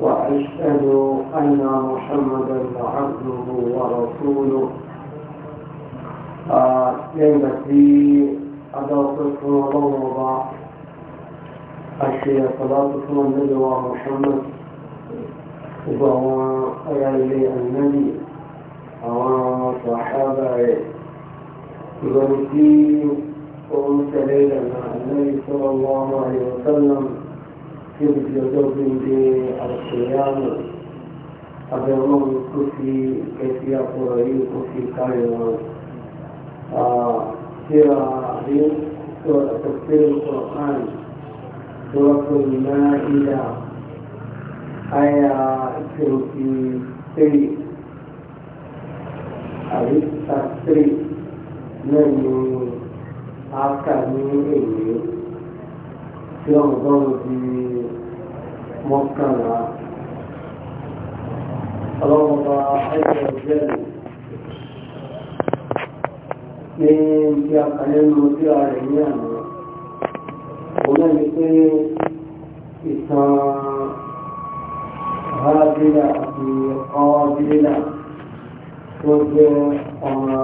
وأشهد أن محمدا عبده ورسوله لما في أدوات الله أشياء صلاة النبي محمد وهو أيالي النبي وصحابة ومتي ومتليل مع النبي صلى الله عليه وسلم tí o fi ọjọ́ gbígbé àṣeyáàmù abẹ́wọ́n tó fi kẹsí àpọ̀rọ̀ yìí kó fi kárí wọn. Ṣé àbí sọ àtẹ̀sílẹ̀ Kọ̀ọ̀kan tó wá tó iná ìlà àyà twenty three àbí thirty three náà ni a kà ní èyí tí ọ̀gbọ́n di mọ́kànlá ọlọ́mọba ẹgbẹ́ ìjẹ́lẹ̀ ní bí a kà nínú bí a rẹ̀ ní àná òun náà ni pé ìtàn àádílà àti ọ́ọ́dílà tó jẹ́ ọmọ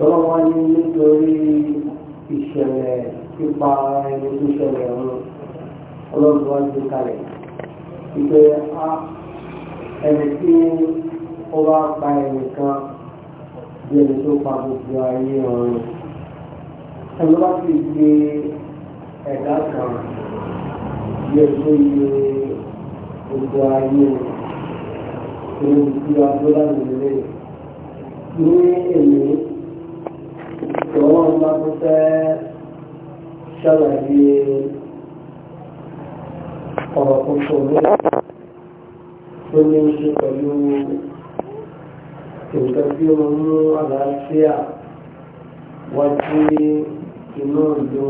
lọ́wọ́ ní nítorí ìṣẹ̀lẹ̀ pípa ẹni tó ṣẹlẹ̀ ọ̀run ọlọ́run wá gbé kalẹ̀ ìpè a ẹni tí ó bá pa ẹnìkan bí ẹni tó pa gbogbo ayé ọ̀run ẹni bá sì gbé ẹ̀dá kan bí ẹni tó yẹ gbogbo ayé ọ̀run ìpè àdúrà nílé ní èmi tòun bá tó fẹ́ ṣàlàyé ọ̀rọ̀ kòkò ní tó pẹ̀lú nǹkan tí ó mú àlàáfíà wá sí inú ìlú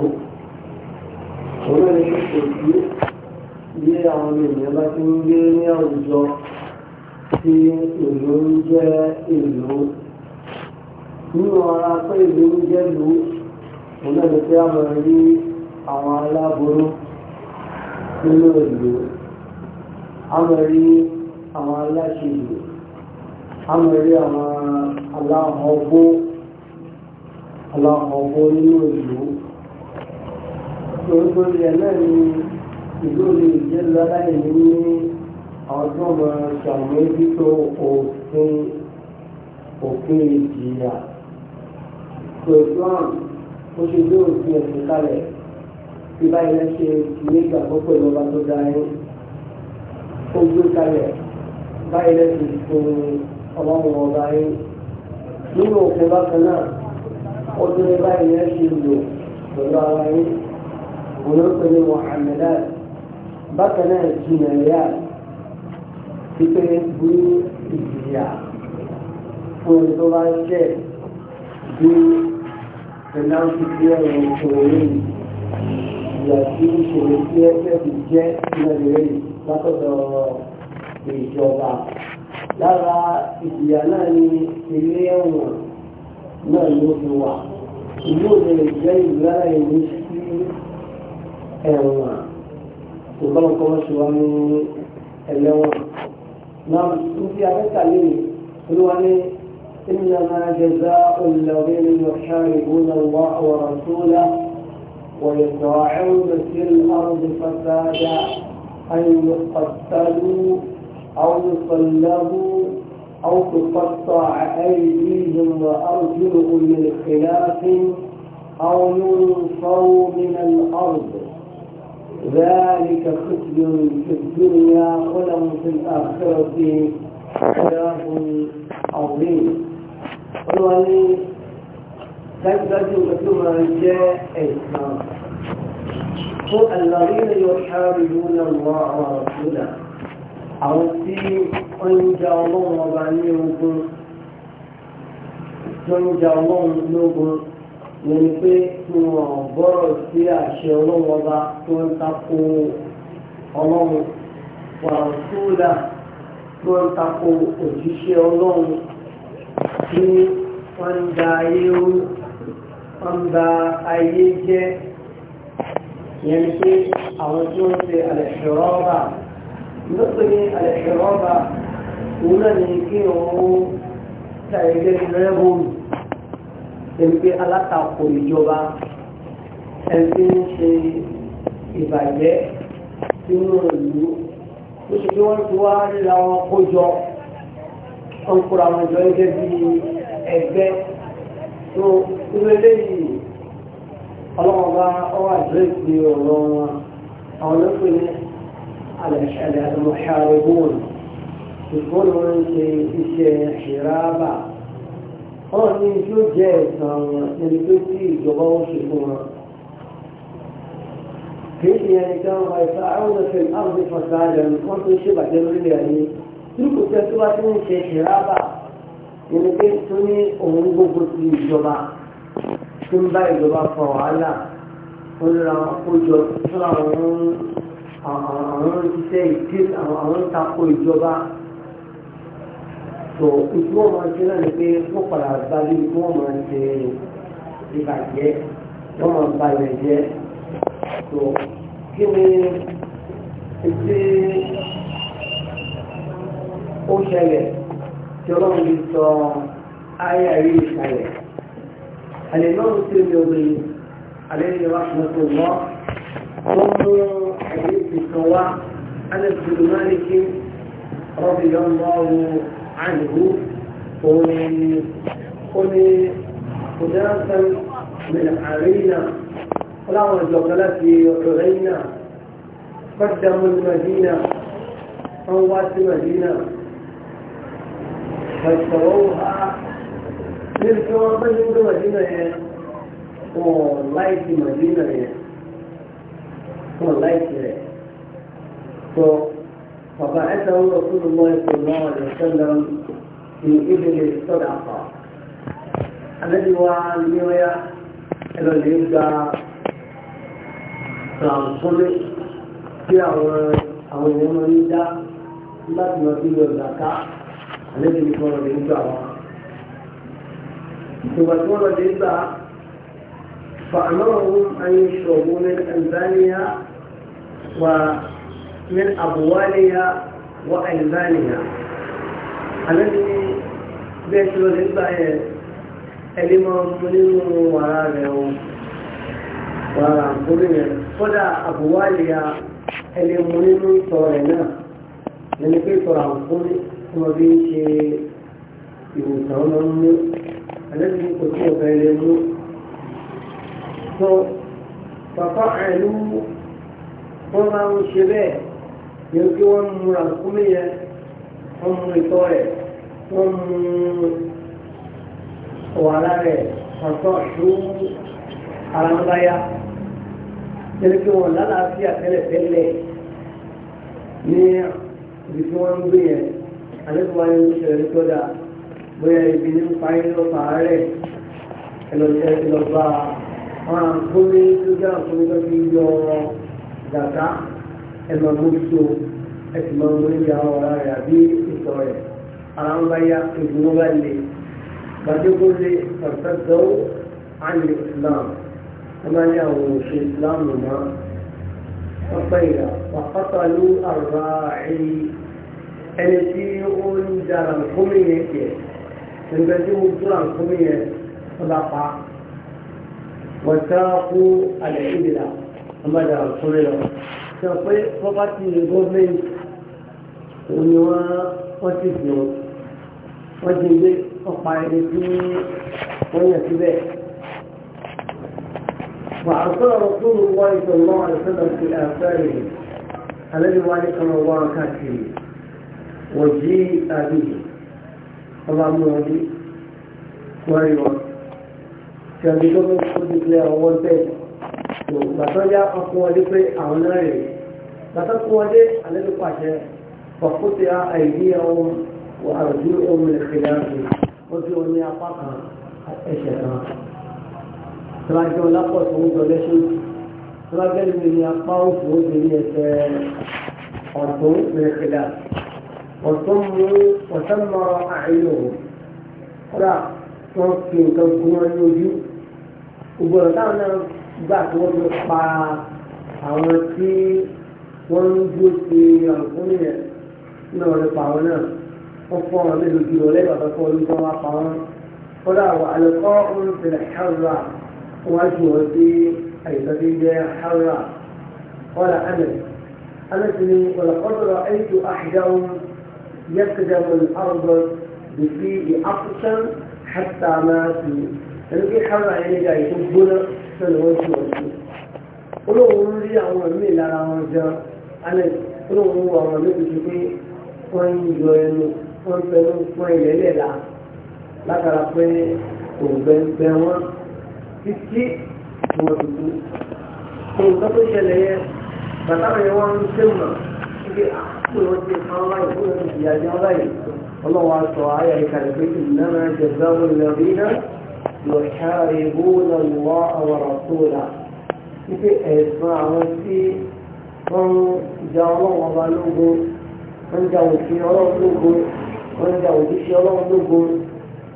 òun ní kò sí bí àwọn ènìyàn bá ti ń gbé ní àwùjọ tí ìlú ń jẹ́ ìlú nínú ara pé ìlú ń jẹ́ lu òun náà ni pé a máa rí àwọn aláboyún nínú ìlú a máa rí àwọn aláṣẹ ìlú a máa rí àwọn aláhọ̀ọ́gbó aláhọ̀ọ́gbó nínú ìlú torí tó lè náà ni ìlú lè jẹ́ láláì ní àwọn tó òfin òfin ìjìyà tó islam ó ṣe gbé òfin ẹ̀sìn kalẹ̀ tí báyìí lẹ́ ṣe ìwé ìgbàgbọ́ pẹ̀lú ọba tó da yín ó gbé kalẹ̀ báyìí lẹ́ ṣe fún ọlọ́run ọba yín nínú òfin bákan náà ó tún ní báyìí lẹ́ ṣe lò pẹ̀lú ara yín òun ló pè ní muhammadan bákan náà jìnnà yá pípé burú ìjìyà fún ẹni tó bá ṣẹ̀ gbé pẹ̀láńtì tí ẹ̀rọ ìṣòro rẹ̀ ìyà tí ìṣòro tí ẹgbẹ́ ti jẹ́ ìrẹ̀lẹ̀ rẹ̀ látọ̀dọ̀ ìjọba lára ìjìyà náà ni ilé ẹ̀wọ̀n náà ló fi wà ìlú òde lè jẹ́ ìlú lára ìlú sí ẹ̀wọ̀n tó bá ń kọ́ ṣe wá ní ẹlẹ́wọ̀n náà ní ti afẹ́kàlẹ́ olúwa ní إنما جزاء الذين يحاربون الله ورسوله ويسعون في الأرض فسادا أن يقتلوا أو يصلبوا أو تقطع أيديهم وأرجلهم من خلاف أو ينصروا من الأرض ذلك خزي في الدنيا ولهم في الآخرة عذاب عظيم ọlọ́wà ní dájúdájú ìgbàjú máa jẹ́ ẹ̀sán fún àlàrí ní yóò ṣáàrí lónà wọ́n àwọn àṣúlà àwọn tí wọ́n ń ja ọlọ́run ọba ní ogun tó ń ja ọlọ́run lógun ní ni pé tí wọ́n bọ́rọ̀ sí àṣẹ ọlọ́run ọba tó ń tako ọlọ́run wàásùlà tó ń tako òjíṣẹ́ ọlọ́run tí wọ́n ń da ayé ó wọ́n ń da ayé jẹ́ yẹn pé àwọn tí wọ́n ṣe àlẹ̀ṣọ́rọ́bà lọ́pẹ́ ní àlẹ̀ṣọ́rọ́bà òun náà ní kí òun ta ẹgbẹ́ rẹ́bùnù alátakò ìjọba ẹni ń ṣe ìbàjẹ́ sínú ìlú ó ṣe pé wọ́n ti wá ríra wọn kó jọ wọ́n kóra wọn jọ gẹ́gẹ́ bí ẹgbẹ́ tó irú eléyìí ọlọ́wọ́n bá ọwọ́ àdírẹ́sì ọ̀rọ̀ wọn àwọn olóògbé ní alẹ́ṣẹ́lẹ̀ àdìmọ̀ṣàrẹ́gbọ́n ìfọ́n wọn ń ṣe iṣẹ́ ṣìrábà wọ́n ní tí ó jẹ́ ẹ̀sán wọn tó tí ìjọba ó ṣe fún wọn. kì í ṣe ẹni tí wọ́n wá ìfẹ́ àwọn ọ̀sẹ̀ àrùn ìfọ̀sá àjẹmí wọ́n tó ṣèbàjẹ́ lórílẹ̀ yìí tí kò tẹ́ tó bá ti ń ṣe ìrábà nínú pé tó ní òun gbogbo ti ìjọba tó ń bá ìjọba fa wàhálà ó ń ra àkójọ tó àwọn àwọn ṣiṣẹ́ ìdí àwọn ń takò ìjọba tó ìtú wọn máa ṣe náà ni pé wọ́n padà bá bí wọ́n máa ṣe ìbàjẹ́ wọ́n máa ba ilẹ̀ jẹ́ tó kí ni ti ó ṣẹlẹ̀ tí ọlọ́run lè sọ ayé ayé ìṣàlẹ̀ àlè lọ́rùn tí omi obìnrin àlè ní ìwàsùnmọ́tò mọ́ wọ́n mú ẹ̀yẹ ìsìnkan wá alẹ́sùlù máa ní kí ọ̀bì yọ mọ́ ọ̀run àìlú òun ni ó ní òdẹ́rẹ́sán mìíràn àríyìn láwọn ìjọba láti ọ̀dọ̀ lẹ́yìn náà fọ́dàmù Madina wọ́n wá sí Madina فاشتروها للكوار من يقول مدينة والله في مدينة والله في فبعثه رسول الله صلى الله عليه وسلم من إبل الصدقة الذي هو نيويا إلى يبقى فرانسول في أول أول يوم يبقى لا تنسي الزكاة àlejò tí wọ́n lọ lè gbà wọ́n. ìgbà tí wọ́n lọ lè gbà فأمرهم أن يشربوا من أنبانها ومن أبوالها وألبانها الذي بيشرب الربا ẹlẹ́mọ̀ nínú wàrà rẹ̀ o wàrà àkórí rẹ̀ kódà àbúwálìyà ẹlẹ́mọ̀ nínú ìtọ̀ rẹ̀ náà nínú pé ìtọ̀ àkórí tí wọ́n fi ń ṣe ìwòsàn ọmọ ń mú alẹ́sìn kò tí ọ̀gá ilé mú. sọ bàbá àìlú wọ́n máa ń ṣe bẹ́ẹ̀ ní o kí wọ́n mú àkúmí yẹn wọ́n mú ìtọ́ rẹ̀ wọ́n mú wàhálà rẹ̀ ọ̀tọ̀ ṣú ara ń àlẹ́kùnmáyé ń ṣẹlẹ̀ tọ́jà bóyá ibi ní parí lọ́pọ̀ àárẹ̀ ẹlọ́jẹ́ ẹlọ́gbà ọ̀ràn àǹkóní tó jẹ́ àǹkóní tó fi yọ gàtá ẹlọ́mú so ẹtì máa ń mú ìyá ọ̀rá rẹ̀ àbí ìtọ̀ rẹ̀ ara ń bá yá Islam ọmọ ní àwọn Islam mọ́ ọ̀pẹ́ ìlà wàhátà ló àrùbá ẹni tí ó ń dára nkómi yẹn kẹ nígbà tí ó dúró nkómi yẹn ó bá pa wọ́n tẹ́ kú alẹ́ ìdí la wọ́n bá dára nkómi lọ. sọ pé property gọ́ọ̀mẹ̀ntì òun ni wọ́n wọ́n ti fi wọn wọ́n ti gbé ọ̀pá ẹni tí wọ́n yàn síbẹ̀. وأرسل رسول الله صلى الله عليه وسلم في آثاره الذي ذلك مباركاته وجيء به اللهم ولي وأيوة كان يقول صدق لي أول بيت وبطلع أقوالي في أعناري بطلع أقوالي على الفاشة فقطع أيديهم وأرجلهم من خلاف وجوني أطاقها أشياء تراجع لقوة ومدولشن تراجع لمن يقاوف ومن يتأرضون من خلاف وصموا وثمر أعينهم لا توكي وتوكلون الوجو وبرتانا بعد وضع بعض àwọn tí wọ́n ń dúró ti àlùkùnrin yẹn náà lè pa àwọn náà wọ́n fọ́ àwọn mélòó jùlọ lẹ́yìn àbá fọ́ orí tó wá pa wọ́n kódà wà àlùkọ́ ń tẹ̀lé ṣáwùrà wọ́n á ju wọn sí àyíká tí ń jẹ́ ṣáwùrà kódà ánẹ̀ ánẹ̀ sì ni ọ̀làkọ́sọ̀rọ̀ ẹ̀yìn tó àṣìjáwó يقدم الأرض بفيه عطشا حتى ماتوا ẹnìkí kára ẹni ga ètò gbóná sẹ́nu wọ́n ti wọ́n ti olóhùn rí àwọn ẹ̀mí lára wọn jẹun alẹ́ olóhùn wọ àwọn ẹ̀mí tuntun pé wọ́n ń yọ ẹnu wọ́n ń fẹnu fún ilẹ̀ lẹ́la látara pé òǹgbẹ̀ǹgbẹ̀ wọn títí wọn tuntun òǹgbẹ́ tó ṣẹlẹ̀ yẹ bàtà wọn yẹn wọ́n ń sẹ́wọ̀n الله عز وجل كالبيت إنما جزاء الذين يحاربون الله ورسوله في إسماع وفي من جاء الله وظلوه من جاء في ربه من جاء في ربه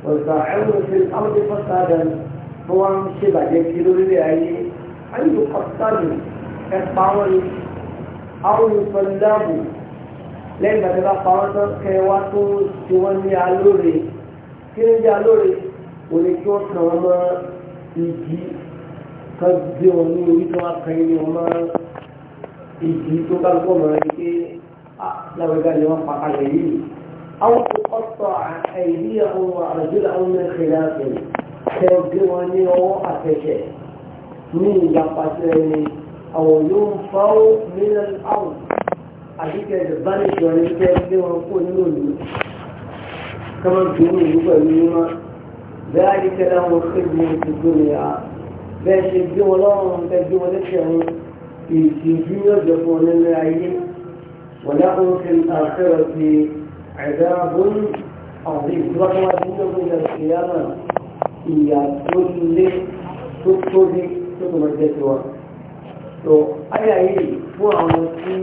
وزعموا في الأرض فسادا هو شبه يكيلوا لأيه أن يقتلوا إقبالوا أو يصلبوا lẹ́yìn ìgbà tí wọ́n pa wọ́n tán kẹ́ wá tó ti wọ́n ní alóore kí ló ń jẹ́ alóore kò ní kí wọ́n kàn wọ́n mọ́ ìdí kan gbé wọn ní orí tó wá kan yín ní wọn mọ́ ìdí tó bá gbọ́ mọ́ ẹni pé ah, lábẹ́gbẹ́ ni wọ́n pa kalẹ̀ yìí. àwọn tó kọ́tọ̀ àìrí àwọn àrùjọ́lá àwọn mẹ́rin láàbẹ̀ kẹ́ gbé wọn ní ọwọ́ àtẹ̀jẹ̀ ní ìyapa ẹni àwọn yóò ń mílíọ̀nù àwùjọ àdìkẹ́ ìbánisọ̀ ní kẹ́ lé wọn kó nínú ìlú kọ́mọ dùnú ìlú pẹ̀lú mímọ́ bẹ́ẹ̀ àdìkẹ́ láwọn kéde ti gbóni ya bẹ́ẹ̀ ṣe gbé wọn lọ́rùn kẹ́ gbé wọn lẹ́sẹ̀ wọn ìtìjú yóò jẹ fún wọn nínú ayé wọn láwọn fi àfẹ́rọ̀ ti àìdáàbòn àwọn ìgbàkọ́wá nínú ìlú ìyáàmà ìyà tó lé tó tóbi tó tó máa jẹ́ tiwa. tó ayé ayé fún àwọn tí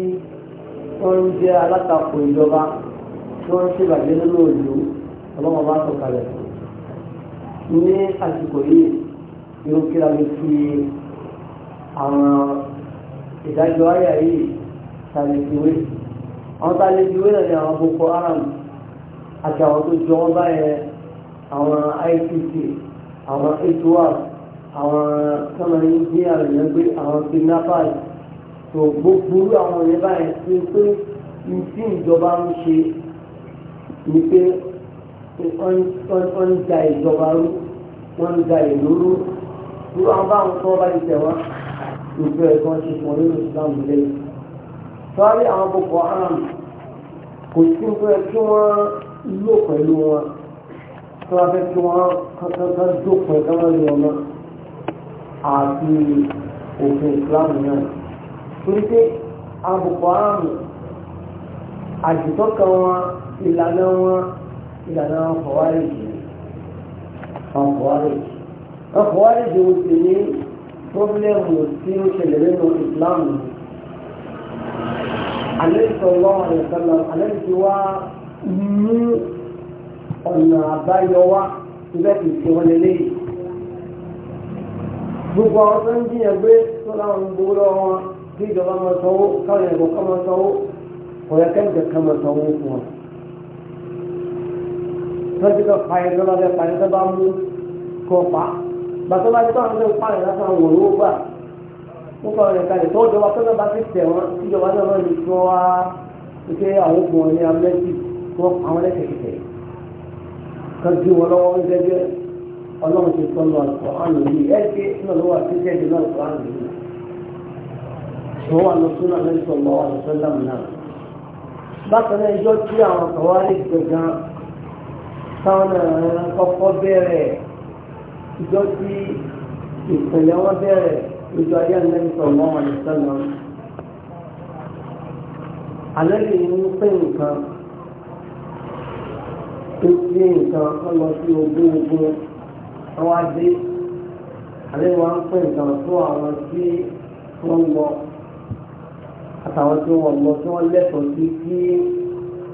wọ́n ń jẹ́ alátakò ìjọba tí wọ́n ń ṣèbàjẹ́ nínú òòlù ọlọ́wọ́n bá sọ̀kalẹ̀ ní àsìkò yìí yóò kíra mi fi àwọn ìdájọ́ àyà yìí tàbí ìwé àwọn tàbí ìwé náà ni àwọn Boko Haram àti àwọn tó jọ wọn báyẹn àwọn ICC àwọn etoa àwọn kọ́mọ̀rin ní àrùn yẹn pé àwọn kidnappers tó gbogbo àwọn ọ̀rẹ́ báyìí ṣe pé ní tí ìjọba ń ṣe ni pé wọ́n ń da ìjọba rú wọ́n ń da ìlú rú irú àwọn báwọn tó bá ti tẹ̀ wọ́n ìlú ẹ̀kọ́ ṣe fún ọ nínú ìsìlámù lẹ́yìn. sọ́ọ́rí àwọn boko haram kò sí pé kí wọ́n lò pẹ̀lú wọn tí wọ́n fẹ́ kí wọ́n kankan dópin kí wọ́n lò wọn àti òfin ìsìlámù náà torí pé àbùkù àrùn àjùtọ́ka wọn ìlànà wọn ìlànà ọkọ̀wárìjì ọkọ̀wárìjì ọkọ̀wárìjì ó ti ní pọ́blẹ́mù tí ó ṣẹlẹ̀ nínú ìsìláàmù àlẹ́sọ̀lọ́ àlẹ́sọ̀lọ́ àlẹ́sọ̀ wá mú ọ̀nà àbáyọ wá ibẹ̀ kì í ṣe wọn lélẹ́yìí gbogbo àwọn tó ń jiyàn gbé tó láwọn ń gbowó lọ́wọ́ wọn bí ìjọba máa sanwó káwọn ẹ̀gbọ́n kan máa sanwó kò yẹ kẹ́mìkẹ́ máa sanwó fún wọn. tọ́jú kan fa ẹ̀ lọ́la bẹ́ẹ̀ tó bá mú kọ́ pa bàtọ́ bá ti tọ́ àwọn ọmọdé pààyàn lásán wò ló gbà ó kọ́ ọ̀rẹ́ kalẹ̀ tó ìjọba tó náà bá ti tẹ̀ wọ́n ìjọba náà lọ́ọ́ yìí tó wá ike àwọn òkun wọn amẹ́tì tó àwọn ẹlẹ́kẹ̀kẹ̀ kan wọn lọ́wọ́ ọlọ́run ti tọ́ lọ tó wà lọ sínú àlẹ́sọ̀ lọ́wọ́ àlùfẹ́lẹ́mù náà bákan náà ìjọ tí àwọn àwárí gbẹ̀gàn táwọn kọ́kọ́ bẹ̀rẹ̀ ìjọ tí ìpìlẹ̀ wọn bẹ̀rẹ̀ ìjọ ayé àlẹ́sọ̀ lọ́wọ́ àlùfẹ́lẹ́mù àlẹ́lẹ́ yìí ń pè nǹkan tó gbé nǹkan kan lọ sí ogún ogún àwọn adé àlẹ́ wọn ń pè nǹkan fún àwọn tí wọ́n ń lọ àtàwọn tí wọ́n mọ̀ tí wọ́n lẹ́tọ̀ọ́ sí kí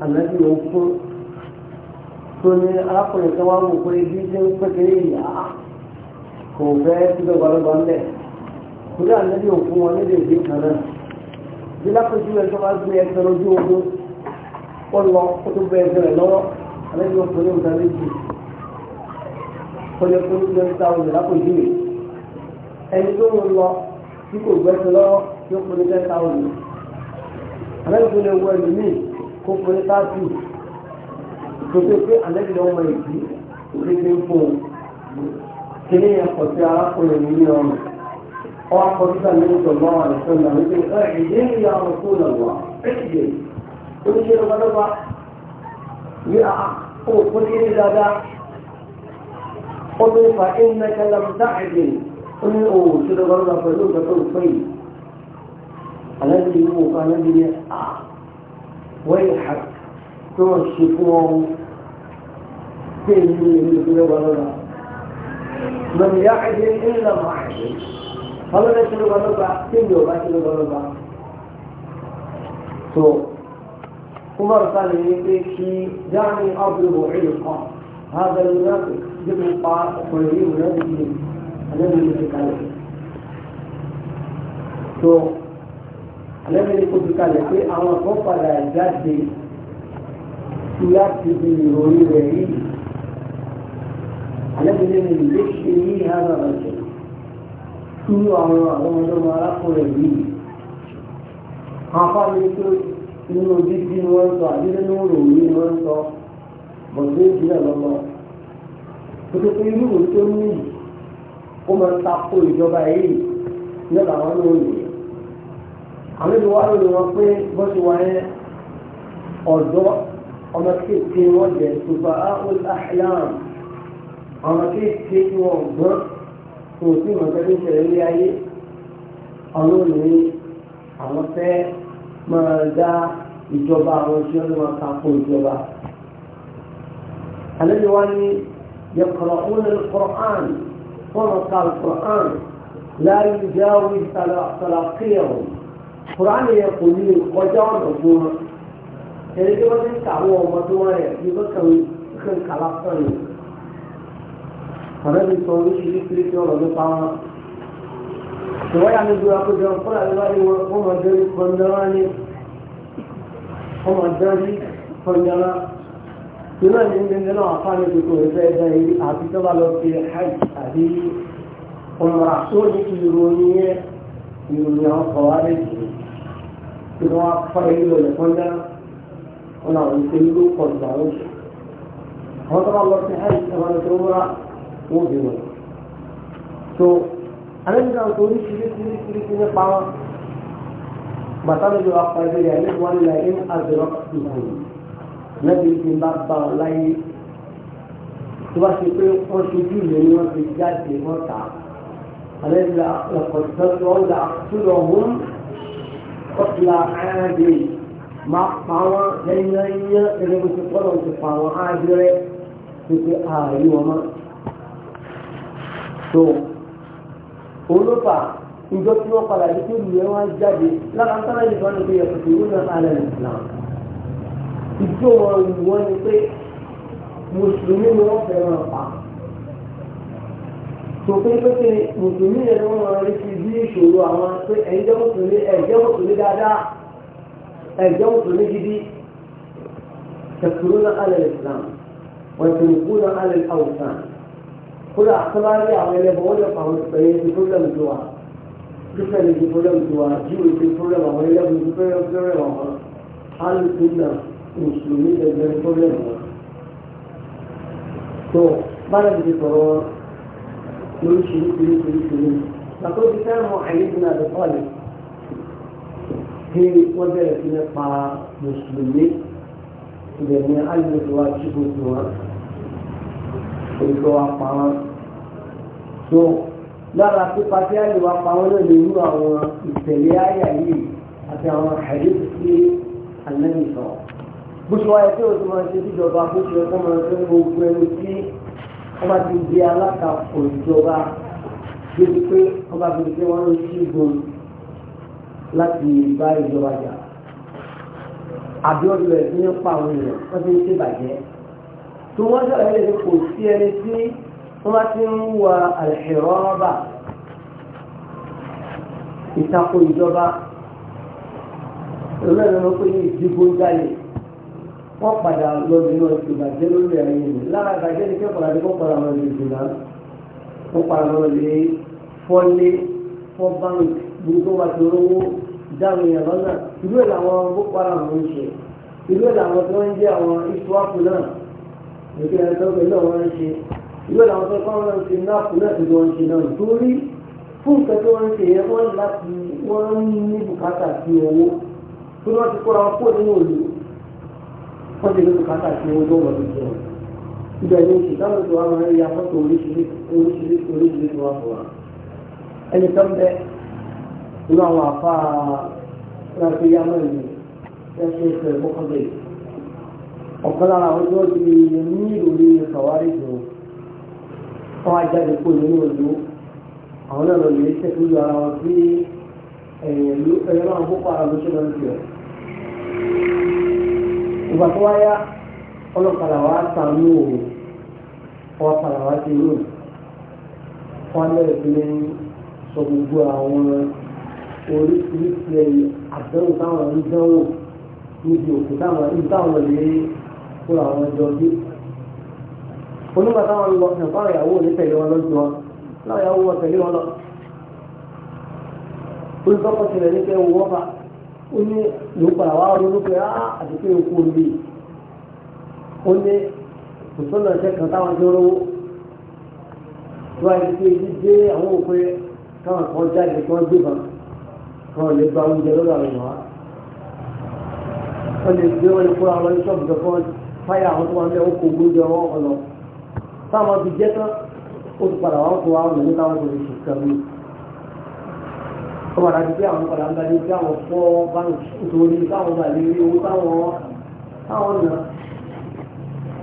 ànábì ó fún tó ní arákùnrin kan wá wò pé bí ṣe ń pẹ́kẹ́rẹ́ ìyá ah, kò fẹ́ síbẹ̀ gbàlọ́gbà ń bẹ̀ kò ní ànábì ó fún wọn nílé ìdí kan náà bí lápẹ́jú rẹ̀ tó bá gbé ẹsẹ̀ lójú ogun ó lọ ó tó bẹ ẹsẹ̀ rẹ̀ lọ́wọ́ ànábì ó fún ní nǹkan méjì kó lè fún ní ẹ̀ta ọ̀dọ̀ lápẹ́jú rẹ̀ ẹni tó ń lọ tí kò gbẹ́sẹ̀ lọ́wọ́ yóò fún ní ẹ̀ta ọ̀dọ̀ àlẹ́bìtò lè wọ ẹlòmíì kó fún ní táàtì tó pé pé àlẹ́bìtò ọmọ ìdí òde ti ń fún un kíní ẹ̀kọ́ sí arákùnrin ní ọrùn ọwọ́ akọ́síta ní ìjọba wà lọ́sọ̀ náà wípé ẹ̀ ìdí ìyá ọ̀rọ̀ tó nà wà ẹ̀kìdè oníṣẹ́ lọ́gbàdọ́gba ní àkókò ní ní dáadáa ó ló ń fa ẹ̀ńdẹ́kẹ́lẹ́mú dáàdì ó ní òòtú lọ́gbàdọ́gba pẹ̀lú ìjọba òfin yìí alábi ní òkú alábi ní à wọ́n yìí hà tí wọ́n ṣe fún wọn tí èyí ní èyí ló fẹ́ wọn lọ́la mọ̀n yá ẹ̀dẹ́ ńlá mọ̀ ẹ̀dẹ́ ọlọ́dẹ tí ló wọn lọ́ba tí èyí ọba tí ló wọn lọ́ba tó Umar sáré ní pé kí dáhùn ọ̀bùrù ìlú kan هذا المنافق جبن طاعة ويريد منافقين الذي يتكلم lẹ́nu ní kóbi kalẹ̀ pé àwọn kan padà jáde láti fi ìròyìn rẹ̀ yìí àlẹ́bí lẹ́nu ìlú ṣe ní ìhàrá ọ̀jẹ̀ túnú àwọn àwọn ọmọdé arákùnrin yìí àwọn afáàlú tó nínú dídí ni wọ́n ń sọ àbí nínú ìròyìn ni wọ́n ń sọ bọ̀dé ìbílẹ̀ lọ́lọ́ tuntun pé irú òótọ́ ní ó máa ń takò ìjọba yìí nígbà wọn ló ń àwọn ìlú wa lórí wọn pé wọ́n ti wà yẹn ọ̀dọ́ ọmọ kéèké wọ́n jẹ́ tùbà áhùn àhìlám ọmọ kéèké tí wọ́n gbọ́n kò sí ìmọ̀tẹ́ tó ṣẹlẹ̀ ní ayé àwọn àwọn fẹ́ máa dá ìjọba àwọn tí wọ́n máa tako ìjọba. àlejò wa ní يقرؤون القرآن ونقى القرآن لا يجاوز تلاقيهم kùránì yẹn kò ní ìkọjá ọ̀nà fún wọn ẹni tí wọ́n ti ń ta àwọn ọmọ tó wọ́n yẹ ní kankan kankan lásán yìí ọ̀rẹ́ mi sọ oríṣiríṣi ọ̀rọ̀ nípa wọn ìwọ́yà mi dúró akójọ fúnra mi wáyé wọn wọ́n máa dẹ́rí pọ̀ndọ́rá ní wọ́n máa dẹ́rí pọ̀ndọ́rá ìnáà ní gbẹ̀ngẹ̀ náà àfáàní gbogbo ìfẹ́ ẹ̀dá yìí àti tó bá lọ sí hajj àbí ọmọ àṣọ ní ìròyìn yẹn ìròyìn àwọn kọ̀wárẹ́jì tí wọ́n á fọ́ ilé rẹ̀ fún dá wọn àwọn ìṣèlú ló pọ̀ jù àwọn oṣù. àwọn tó bá lọ sí hajj àwọn tó wúra wọ́n bí wọn. tó alẹ́nìkan tó oríṣiríṣiríṣiríṣi nípa wọn bàtà lójú apá ìbéèrè àlejò wọn nílẹ̀ ní àdúrà ìbùn lẹ́bi tí bá bá wọn láyé tó bá ṣe pé wọ́n ṣojú ìlú ni wọ́n ti jáde wọ́n ta alẹ́ ìlà ọ̀pọ̀ ìtọ́jú ọ̀la kọ́tùlà áádé máa pa wọ́n lẹ́yìn lẹ́yìn ẹgbẹ́ tó kọ́lọ̀ ti pa wọ́n áádé rẹ̀ tó pé ààrí wọn mọ́. tó olófà ìjọ tí wọ́n padà dé kéwì yẹn wá jáde lára ń sára ìjọba ní pé yẹ kòtò ó náà alẹ́ nìkan. ìjọ wọn wọ́n ni pé mùsùlùmí ni wọ́n fẹ́ràn pa tòkè pété mùsùlùmí yẹn wọn máa rí ti bí ìṣòro àwọn pé ẹ̀yin jẹ́ mùsùlùmí ẹ̀yin jẹ́ mùsùlùmí dáadáa ẹ̀yin jẹ́ mùsùlùmí gidi tẹ̀sùrù náà alẹ́ islam wọ́n ti kú náà alẹ́ awùsàn kódà sábàárì àwọn ẹlẹ́bọ̀ wọ́n lè fa àwọn ẹ̀yẹ ti problem tó wa kírísítẹ̀nì ti problem tó wa jíwò ti problem àwọn ẹlẹ́bọ̀ ti problem àwọn alùpùpù náà mùsùlùmí ẹgbẹ́ problem wọn. tó bá lóríṣiríṣi lóríṣiríṣi gbàtó ti fẹ́ràn àyíkún àti pọ́ọ̀lì tí wọ́n bẹ̀rẹ̀ sí ní pa mùsùlùmí ibẹ̀ ni alùpùpù wa tí kò tó wọn olùkọ́ wa pa wọn tó lára pípa tí alùpùpù wa pa wọn náà lè wú àwọn ìtẹ̀lé àyà yìí àti àwọn àyíkún sí àlẹ́ nìkan bó ṣe wáyé tí o ti máa ṣe tíjọba bó ṣe ọkọ máa ń fẹ́ gbogbo ẹni tí ọba ti di alátakò ìjọba débi pé ọba ti di pé wọ́n ń ṣígun láti bá ìjọba jà àbíọ́dún rẹ̀ ní pa àwọn èèyàn wọ́n ti ń ṣèbàjẹ́ tó wọ́n ṣàlàyé lè kò sí ẹni tí wọ́n bá ti ń wa àlẹ́rọ́ọ́bà ìtakò ìjọba ìrọ̀lẹ́ ìrọ̀lẹ́ pé ìdìbò jáde wọ́n padà lọ́dún náà ti bàjẹ́ lórí ẹ̀yìn ìlú lára ìbàjẹ́ ni kẹ́kọ̀ọ́ láti kọ́ padà lọ́dún ìdùnnà wọ́n padà lọ́dún fọ́lé fọ́ báńkì gbogbo wa ti rówó dáhùn yẹn lọ́nà ìlú ẹ̀ làwọn boko haram ń ṣe ìlú ẹ̀ làwọn tó ń jẹ́ àwọn ìṣúwàpù náà èké ẹ̀ tó pẹ̀lú àwọn ń ṣe ìlú ẹ̀ làwọn tó kọ́ wọn ti náàpù náà ti wọ́n ṣe náà torí fún nǹkan tó ń ṣe yẹn wọ́n wọ́n ti ní bùkátà sí owó tó wọ̀ ní jẹun ibẹ̀ ni oṣù táwọn tó wà máa ń ya fọ́tò oríṣiríṣi oríṣiríṣi wà fún wa ẹni tó ń bẹ inú àwọn àfa láti yá mọ́ ìlú ẹ̀ṣẹ̀ ìfẹ́ mọ́kànlẹ̀ ọ̀kan lára àwọn tó ti ní ìròyìn kàwárí jù wọ́n á jáde kó nínú ìlú àwọn náà lọ lè ṣẹ́kù lu ara wọn sí ẹ̀yìn ìlú ẹ̀yìn náà kó pa ara lóṣèlú ọ̀hún ìgbà tó wáyá ọlọ́kadà wa sànú òun ọlọ́kadà wa ti lónìí wọn lẹ́yìn tí lè sọ gbogbo àwọn oríṣiríṣi ẹ̀yìn àdéhùn táwọn ń dánwò níbi òkú táwọn ń táwọn lè kó àwọn ẹjọ́ bí. onígbà táwọn lọ ẹ̀fọ́ ìyàwó ní tẹ̀lé wọn lọ́jọ́ wọn wọn tẹ̀lé wọn lọ. olùdókòtì rẹ̀ ní kẹ́ wọ́n bá ó ní yóò padà wá ronú pé á àti pé o kú omi ó ní kò sọ́nà iṣẹ́ kan táwọn jọ rówó tó wáyé pé jíjé àwọn òpin káwọn kan jáde kí wọ́n gbébọn káwọn lè gba oúnjẹ lọ́dọ̀ àwọn ìwà wọ́n lè gbé wọn kó àwọn ṣọ́ọ̀bù tó fọ́n fáyà àwọn tó wà ní ọkọ̀ ògbóúnjẹ wọn ọ̀nà táwọn ti jẹ́ tán ó ti padà wá kó àwọn òní táwọn kò lè ṣèkà mí ó padà di pé àwọn padà ń dájú pé àwọn fọ́ báńkì nítorí káwọn bá lè rí owó táwọn táwọn nà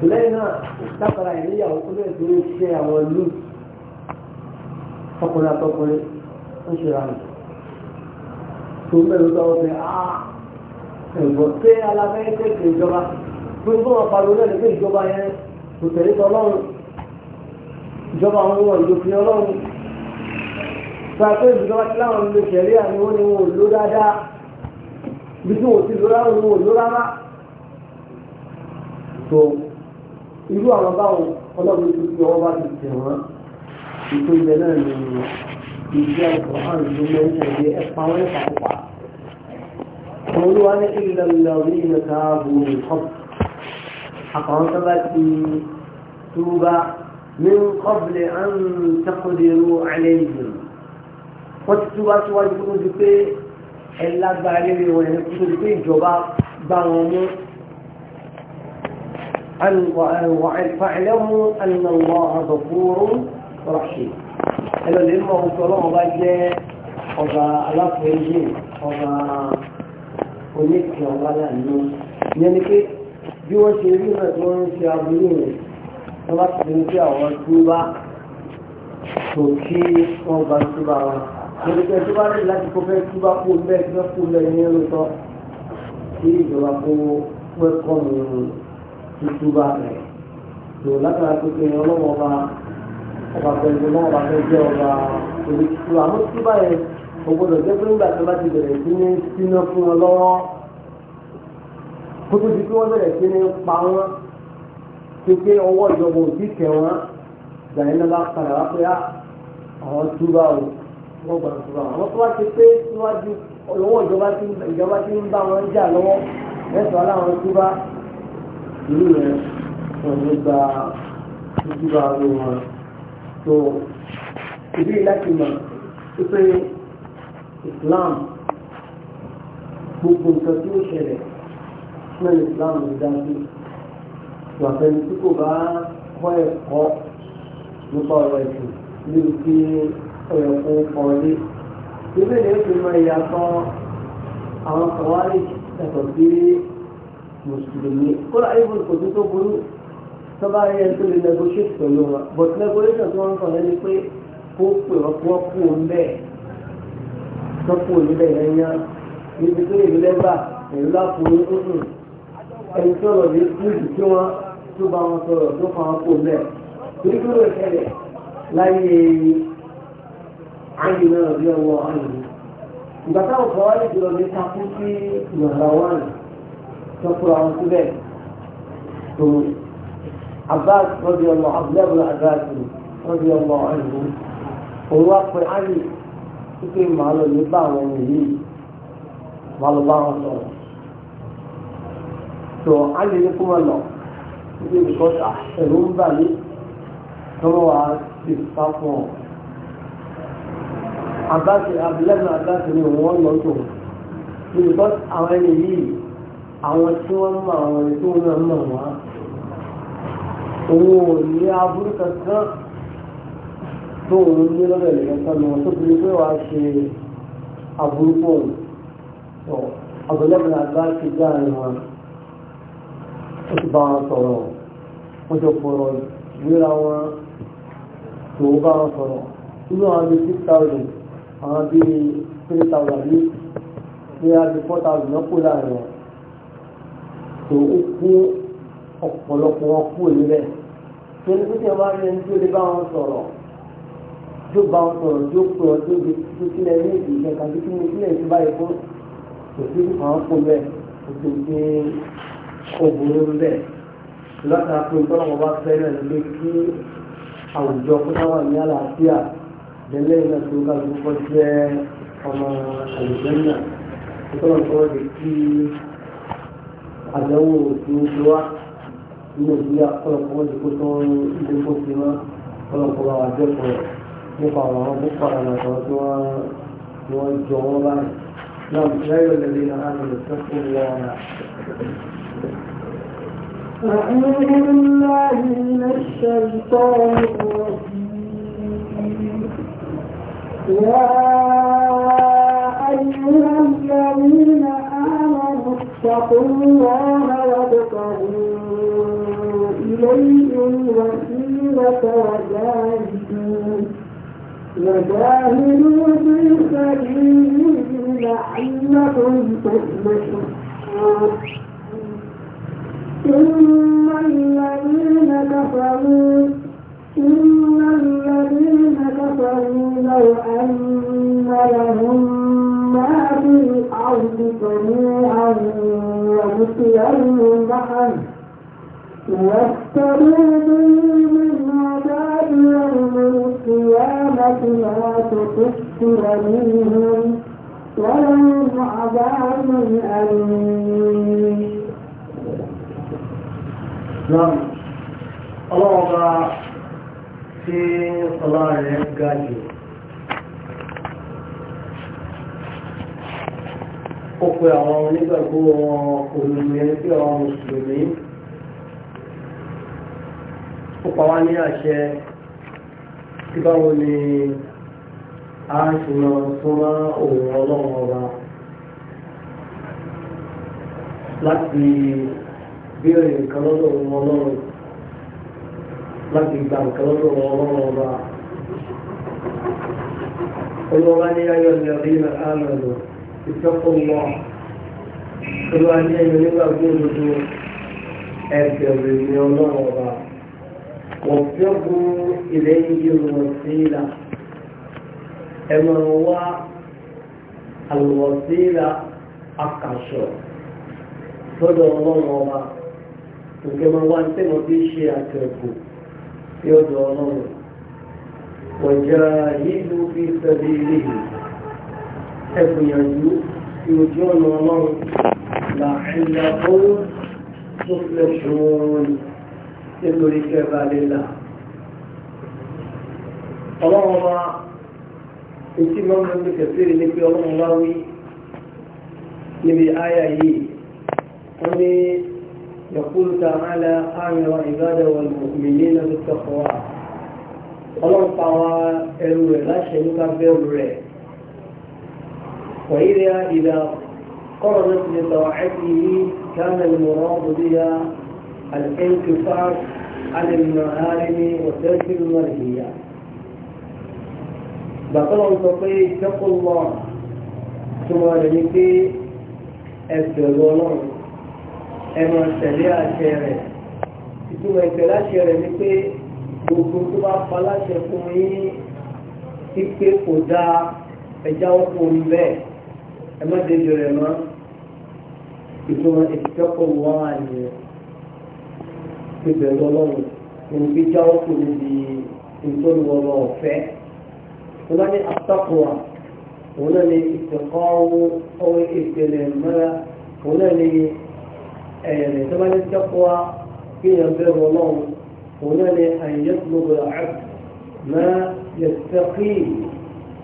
lẹ́yìn náà látara ìníyàwó tó bẹ̀rẹ̀ tó ń ṣe àwọn ìlú ọkùnrin àtọkùnrin ń ṣe ra nù tó mẹ́rin tó wọ́n fẹ́ ẹ̀gbọ́n pé alábẹ́ tẹ̀sí ìjọba tó ń bọ́ pariwo náà ní pé ìjọba yẹn kò tẹ̀lé tọ́lọ́run ìjọba àwọn ohun ìjòfin ọlọ́run gba pé ìjọba tí láwọn ń lo ṣẹ̀rí àmì wọn ni wọn ò lò dáadáa bí tí wọn ò ti lò rárá wọn ò lò rárá. tó irú àwọn báwọn ọlọ́run tó fi ọwọ́ bá ti tẹ̀ wọ́n ètò ìbẹ̀ náà ni ìdí àgbọ̀n àrùn ló mẹ́rin ṣẹ̀rí ẹ̀ pa wọ́n nípa àwọn olúwa ní ilẹ̀ lọ́rí ilẹ̀ káàbù nìkan àkàwọn tó bá ti túbá من قبل أن تقدروا عليهم wọ́n ti túbá síwájú kó tó di pé ẹ lágbára lérí wọn ẹni kó tó di pé ìjọba gbá wọn mú. fàìlẹ́mú ànàmọ́ àgbàfóró rọ̀ṣì ẹlọ́lẹ̀ mọ̀ ọ̀sọ̀ ọlọ́run bá jẹ́ ọba aláfẹ́yé ọba oníkẹ́ ọba ìyẹn ni pé bí wọ́n ṣe rí náà tí wọ́n ṣe aburú rẹ̀ wọ́n bá ti ní pé àwọn túbá tòkí wọ́n gba túbá wọn gbẹ̀dẹ̀gbẹ̀ tó bá rẹ̀ láti kó fẹ́ kí bá kó bẹ́ẹ̀ kí wọ́n kó lẹ̀ ní ẹrù tọ́ kí ìjọba kó pẹ́ kọ́ mi tuntun bá rẹ̀ tó látara tó pé ọlọ́wọ́ ọba ọba pẹ̀lú náà ọba fẹ́ jẹ́ ọba òbí tuntun àmọ́ tó bá yẹ ògbọ́dọ̀ jẹ́ pé nígbà tó bá ti bẹ̀rẹ̀ sí ní síná fún wọn lọ́wọ́ kó tó di pé wọ́n bẹ̀rẹ̀ sí ní pa wọ́n tó pé ọwọ́ ìjọba òbí tẹ̀ wọ́n gbàyẹn náà bá padà wá pé ah, àwọn túbà òkú wọ́n gbà tó bá wọn. àwọn tó wá ti pé síwájú lọ́wọ́ ìjọba tí ìjọba tí ń bá wọn jà lọ́wọ́ mẹ́sàn-án láwọn tó bá ìlú rẹ̀ wọn ló gba ojú bá wọn wọn. tó ìdí láti mọ̀ pé Islam gbogbo nǹkan tí ó ṣẹlẹ̀ fún Islam ló dá sí ìwàfẹ́ni tí kò bá kọ́ ẹ̀kọ́ nípa ọ̀rọ̀ ẹ̀sìn níbi tí ẹ̀kọ́ ọ̀lẹ́ níbẹ̀ ni ó fi mọ ìyàtọ̀ àwọn kọ̀wárì yàtọ̀ sí mùsùlùmí kódà ibùdó kò tó tó burú sọ́ba ayé tó lè negotiate pẹ̀lú wọn but negotiation tí wọ́n ń sọ lẹ́ni pé kó pè wọ́n kó wọ́n kú òun bẹ́ẹ̀ tó kú òun bẹ́ẹ̀ yẹn yẹn níbi tó lè lẹ́bà èyí lápò ní ẹni tó lọ lè kú ìdí tí wọ́n tó bá wọn sọ̀rọ̀ tó fa wọn kú bẹ́ẹ̀ torí kí lè ṣẹlẹ̀ láyé عين رضي الله عنه بتاع الخوارج لما يتحكم في مهروان تذكر عن سبيل عباس رضي الله عبد الله بن عباس رضي الله عنه ووقف علي يكرم على النبع والنبي على الله وصوله تو علي لكم الله يكرم بقطع الرمبة لي ثم وعاد في الصفوة àbáṣe abúlẹ́nà àbáṣe ni wọ́n lọ tó nígbà àwọn ẹni yìí àwọn tí wọ́n mọ àwọn ẹni tó náà mọ̀ wá òun ò ní aburú kankan tó òun ní lọ́dọ̀ ìlẹ̀ kan lọ tó fi pé wàá ṣe aburú fóun abúlẹ́nà àbáṣe dáhùn wọn ó ti bá wọn sọ̀rọ̀ wọ́n jọ fọ̀rọ̀ ìwéra wọn tó bá wọn sọ̀rọ̀ inú àwọn ibi six thousand àwọn bíi three thousand bíi bí a di four thousand náà kú láàrin wọn tó ó kú ọ̀pọ̀lọpọ̀ wọn kú níbẹ̀ tó ní kí wọ́n bá rí ẹni tí ó lè bá wọn sọ̀rọ̀ tó bá wọn sọ̀rọ̀ tó pè ọ́ tó di tó sílẹ̀ ní ìgbìyànjú kan tó kíni sílẹ̀ tó báyìí fún kò sí àwọn kò bẹ́ẹ̀ kò sí ní obìnrin bẹ́ẹ̀ lọ́kàn pé tọ́lọ́mọba fẹ́ràn ló kí àwùjọ kó náà ní àlàáfíà lẹ́lẹ́ iná tó bá gbogbo jẹ́ ọmọ àlùjẹ́nà ìtọ́nà tó rẹ̀ kí àdánwò tí ó ti wá nínú ìdílé ọlọ́pọ̀ wọ́n ti kó tó ń ilé kó ti wá ọlọ́pọ̀ bá wà jẹ́kọ̀ọ́ nípa àwọn àwọn bó pa àwọn àtàwọn tí wọ́n tí wọ́n jọ wọ́n báyìí náà lẹ́yìn lẹ́lẹ́ iná á أعوذ بالله من الشيطان الرجيم يا أيها الذين آمنوا اتقوا الله وابتغوا إليه الوسيلة وجاهدوا وجاهدوا في سبيله لعلكم تفلحون ثم الذين كفروا ثم الكافرين أن لهم ما في الأرض جميعا ومثله معه وافتروا من عذاب يوم القيامة لا تكفر منهم ولهم عذاب أليم. نعم. الله tí ọlá rẹ̀ ga jù ó pe àwọn onígbàgbọ́ wọn olùmí ẹni pé àwọn mùsùlùmí ó pa wá ní àṣẹ tí báwo ni a ṣe súnmọ́ òun ọlọ́run ọba láti béèrè nǹkan lọ́dọ̀ ọlọ́run láti gba nǹkan lọ́dọ̀ ọlọ́run ọba olùwà ní ayọ̀ ní ọdún yìí náà àmì ọ̀dọ̀ ìtọ́kùn lọ olùwà ní ayọ̀ nígbà gbọ́dọ̀dọ̀ ẹgbẹ̀rún ní ọlọ́run ọba wọ́n fi ọ́gbọ́n ilé yìí wọ́n sí tí ó dùn ọlọ́run wọ̀já yíyú fi sẹ́bí ilé yìí ẹgbìyànjú tí ojú ọ̀nà ọlọ́run làhìlá owó tó fẹ́ ṣòro nítorí kẹfà lílà ọlọ́run wa etí mọ́mọ́ ní kẹfìrì ní pé ọlọ́run wá wí níbi áyà yìí wọ́n ní يقول تعالى أمر عباده والمؤمنين بالتقوى ọlọ́run pa wá ẹrú rẹ̀ láṣẹ nípa bẹ́ẹ̀rù rẹ̀ وإذا إذا قربت لطاعته كان المراد بها الانكفاف عن المعالم وترك المنهيات بطلع تقي اتقوا الله ثم لنكي أسر الله ẹnu tẹ̀lé àṣẹ rẹ̀ ìtumọ̀ ìtẹ̀lé àṣẹ rẹ̀ ni pé gbogbo tó bá pa láṣẹ fún yín pípé kò dáa ẹja ọkọ̀ ń bẹ̀ ẹ má déjọ rẹ̀ mọ́ ìtumọ̀ ìtẹ́kọ̀ wọ́n á yẹ pípẹ̀ lọ́lọ́run òun fi já ọkọ̀ níbi ìtọ́lùwọ́lọ́ ọ̀fẹ́ tó bá ní àtọ́kùwà òun náà ní ìtẹ̀kọ́ ọwọ́ ìtẹ̀lẹ̀ mọ́ra òun náà ní ẹ̀rẹ̀ tó bá ní tẹ́kọ̀ọ́ kí èèyàn bẹ̀rù ọlọ́run òun náà ni àyè gbogbo àbù máa yẹ tẹ́kì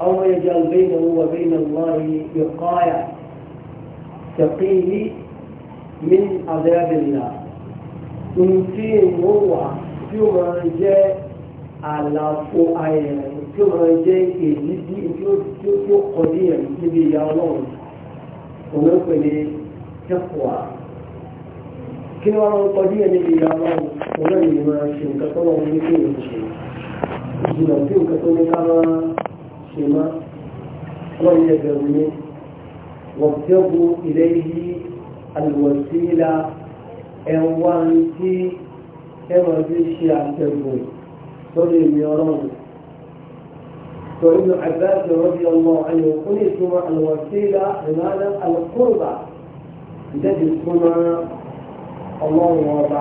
àwọn ẹ̀jẹ̀ àgbẹ̀yìn òun wà bẹ́yìn ọlọ́run ìkọ́yà tẹ́kì yìí ní àbẹ́rẹ́bìnrin ohun tí èèyàn wà tí ó máa jẹ́ àlàfo ayẹ̀rẹ̀ tí ó máa jẹ́ èyí tí ó kọ́ díẹ̀ níbi ìyá ọlọ́run òun náà pè ní tẹ́kọ̀ọ́ kí ni wọ́n kọ́ díẹ̀ níbi ìyá ọlọ́run òun náà lè máa ṣe nǹkan tó wọ́n ní kí èèyàn ṣe ìjìnà sí nǹkan tó ní ká máa ṣe má ọlọ́run wọ́n tẹ́gu ilé yí alùwọ̀síla ẹ̀wà الله عنه قل ثم الوسيله بمعنى القربى الذي كنا ọlọ́run ọba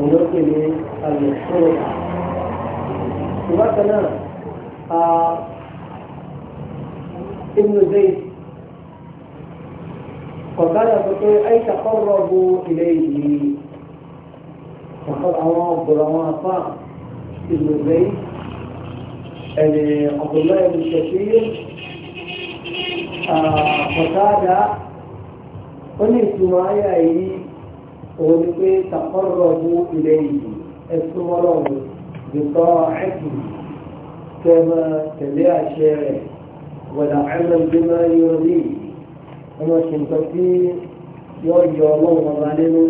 olókè ní àlùfóò ìbákan náà ibùdó zayd kọ̀ọ̀kadà sọ pé àyíká kọ́rọ̀ bu ilé yìí àwọn ọ̀gbọ̀rọ̀ àwọn afá ibùdó zayd ẹni ọ̀gbọ̀nlá ẹni ṣẹ̀fí kọ̀ọ̀kadà ó ní ìtumọ̀ ayé yìí òun ni pé tàkọ́rọ̀bù ilẹ̀ yìí ẹ̀sùnmọ́lọ́run nìkọ́ ẹ̀kì kẹmọ tẹ̀lé àṣẹ rẹ̀ wọ̀dà ẹ̀mọ ìgbéná yóò rí ọmọ ṣùgbọ́n tí yóò yọ ọlọ́run ọba nínú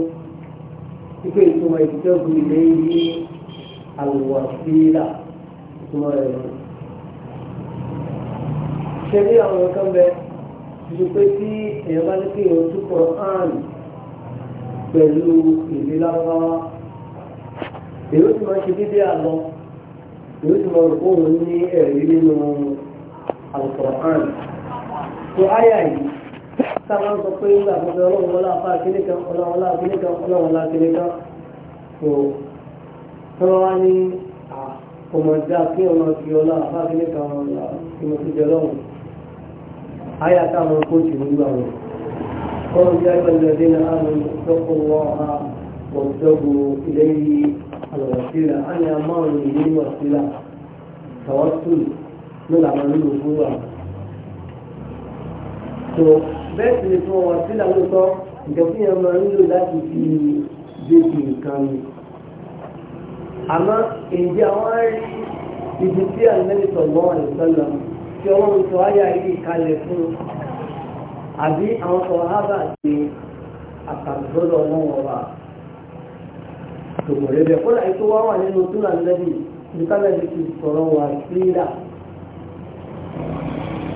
wípé ìtumọ̀ ìtẹ́gù ilẹ̀ yìí àlùwàsílà ìtumọ̀ rẹ̀ lọ. ṣe ní àwọn kan bẹ ṣùgbọ́n pé tí èèyàn bá ní kí èèyàn tún kọ̀ áàrùn pẹ̀lú ìlú lárúbáwá èyí tí wọ́n ṣe dídé àlọ́ èyí tí wọ́n rò pé òun ní ẹ̀rí nínú Al-Qur'an tó áyà yìí sábà ń sọ pé nígbà tó fẹ́ ọlọ́run wọlé afá kíní kan ọlọ́run wọlé kíní kan ọlọ́run wọlé kíní kan tó tó wá ní ọmọdé kí ọmọ fi ọlọ́run afá kíní kan ọlọ́run kí mo ti jẹ lọ́run áyà táwọn kóòtù nígbà wọn. قل يا الذين آمنوا اتقوا الله وابتغوا إليه الوسيلة أنا أمامي وسيلة توسل من عمل الوصول tó bẹ́ẹ̀ sì ni fún ọwọ́ sílẹ̀ ló sọ nǹkan fún yẹn máa ń lò láti fi bèbè nǹkan ni. àmọ́ èyí àwọn rí ibi tí àlùmẹ́lì sọ̀gbọ́n àlùsọ́lọ̀ tí ọlọ́run sọ ayé ayé kalẹ̀ fún un àbí àwọn sọ̀hábà ti àtàgbọ́dọ̀ wọn wọ́n wà tòkòrè bẹ̀ kó láì tó wá wà nínú túnà lẹ́bí ìdíkálẹ̀bí ti sọ̀rọ̀ wà síra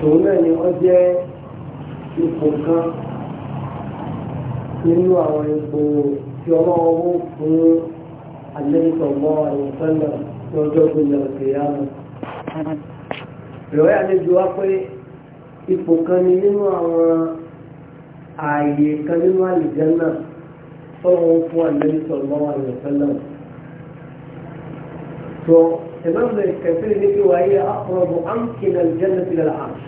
tòun náà ni wọ́n jẹ́ ipò kan nínú àwọn ipò tí ọmọ ọwọ́ fún àlẹ́sọ̀mọ́ àyẹ̀fẹ́lẹ̀ lọ́jọ́ tó yẹ òkè yára. ìrọ̀lẹ́ àlejò wá pé ipò kan ni nínú àwọn ààyè kan nínú àlìjánà tọ́wọ́ fún àlẹ́yìn sọ̀rọ̀ àwọn ìfẹ́lẹ̀ tó ìmọ̀lẹ̀ kẹfẹ́ ní kí wáyé àkọrọ̀bù àmkìnà àlìjánà ti lọ́la àmì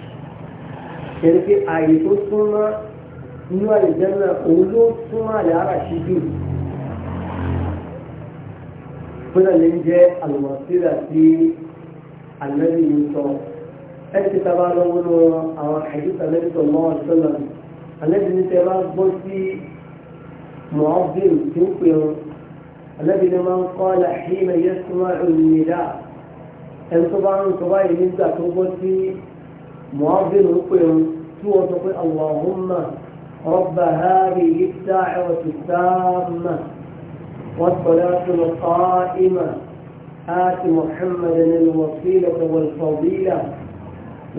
yẹn pé ààyè tó súnmọ́ nínú àlìjánà òun ló súnmọ́ àlẹ́ ara sí jù fúnà lè jẹ́ àlùmọ̀síra sí àlẹ́yìn sọ̀rọ̀ ẹtì tàbá lọ́wọ́ lọ àwọn àìdíkà lẹ́tọ̀ mọ́ ọ̀sọ́lọ̀ alẹ́bí ní tẹ́ bá gbọ́ sí mọ́ọ́bìn tí ó pè wọn alẹ́bí ní máa ń kọ́ làhínà yẹ́sùmá ìrìnnìdá ẹni tó bá ń sọ báyìí nígbà tó gbọ́ sí mọ́ọ́bìn ó pè wọn tí wọ́n sọ pé Allahumma rabba hadhihi as-sa'ati as-samma والصلاة القائمة آت محمدا الوسيلة والفضيلة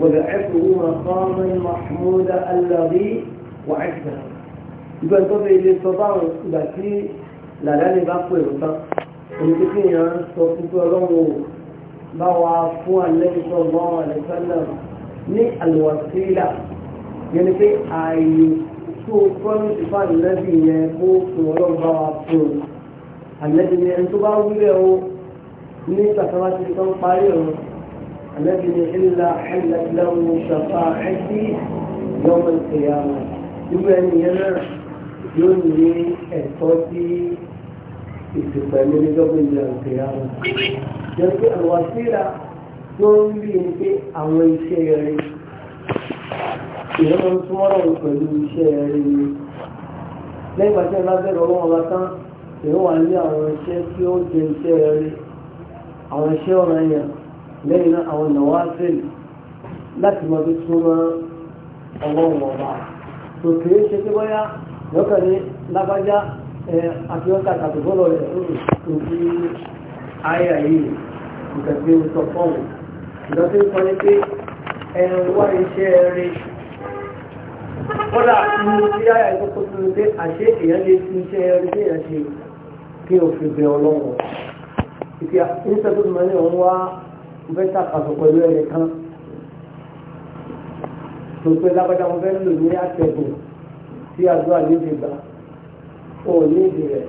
وبعثه مقاما محمودا الذي وعدته يبقى طبعا اللي استطاع يبقى فيه لا لا اللي بقى يبقى ونكتين يا صوتك ولو بوا فوا النبي صلى الله عليه وسلم ني الوسيلة يعني في أي سوء فان النبي يقول ولو بوا فوا النبي أنتوا بقى وليه ني تسمعت كم قريب الذي إلا حلت له شفاعتي يوم القيامة يبقى ينا ينهي الصوتي ìsìnkú lọ́gbọ̀n ìlú àgbéyàwó. Jẹ́ pé àwọn síra tó ń rí ní pé àwọn iṣẹ́ rẹ̀ ìrọ́mọ̀ tó mọ́rọ̀ pẹ̀lú iṣẹ́ rẹ̀ ni. Lẹ́yìn pàṣẹ bá bẹ̀rẹ̀ ọwọ́ ọba tán, èyí wà ní àwọn iṣẹ́ tí ó jẹ iṣẹ́ rẹ̀, àwọn iṣẹ́ ọ̀ranyàn lẹ́yìn náà àwọn ìnáwó àṣẹlẹ̀ láti mọ bí súnmọ́ ọlọ́run ọba tó kìí ṣe tí bọ́yá lọ́kàn ní lábájá àti ọ̀tà kàtòbọ́lọ̀ rẹ̀ tó fi àyà yìí nǹkan tí ó sọ fọ́ọ̀mù ìjọ tí ó sọ ní pé ẹnu wá iṣẹ́ rí kódà ní tí àyà yìí kókó tó ní pé àṣé èèyàn lè fi iṣẹ́ rí bí èèyàn ṣe kí o fi bẹ ọlọ́run ìfìyà ní sẹ́kọ̀ọ́ mo fẹ́ sàkàtọ pẹ̀lú ẹnìkan tó pé lágbàdá mo fẹ́ lò ní àtẹ̀gùn tí àdúrà níbi gbà ó níbi rẹ̀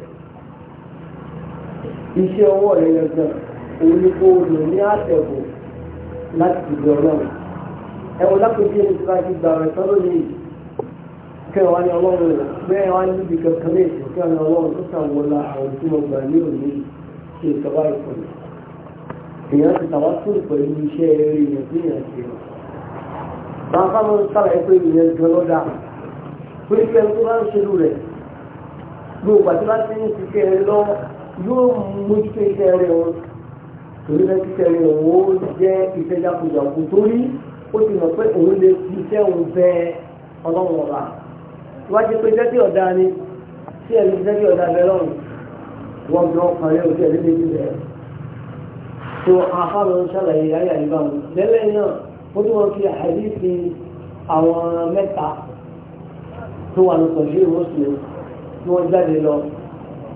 iṣẹ́ ọwọ́ rẹ̀ lẹ́gbẹ̀ẹ́ òun ni kò lò ní àtẹ̀gùn láti ìdí ọlọ́run ẹ̀wọ̀n lápẹ̀jì ẹni tí wọ́n ti gbà rẹ̀ sọ́dọ̀ yìí kẹwàá ni ọlọ́run rẹ̀ bẹ́ẹ̀ wá níbi kankan lè ṣe kẹwàá ni ọlọ́run tó sàwọn ọlá àwọn tí mo gbà ní òní ṣe ìjọba ìkọ̀lẹ̀ èèyàn ti tàwa tó pẹ̀lú iṣẹ́ eré èèyàn tí èèyàn ṣe máa ká lọ sálàyé pé ìyẹn gan lọ́dà pé kí ẹni tó bá ń ṣerú rẹ̀ gbogbo àti bá ti ń ṣiṣẹ́ rẹ̀ lọ yóò mójútó iṣẹ́ rẹ̀ wọn torí bẹ́ẹ̀ ṣiṣẹ́ rẹ̀ wọn ó jẹ́ iṣẹ́ jákujàku torí ó ti mọ̀ pé òun lè fi iṣẹ́ òun bẹ ọlọ́run ọ̀la wájú pé jẹ́ kí ọ̀dà ni tí ẹni jẹ́ kí ọ̀dà bẹ lọ́run wọ́n gbọ́ ọkàn rẹ̀ òkè ẹ̀rí tó àfáàmù ṣàlàyé ìyáyà ìbámu lẹ́lẹ́ náà ó tún wọ́n fi àdífi àwọn mẹ́ta tó wà ní sọ̀rọ̀ ìwé oṣù tí wọ́n jáde lọ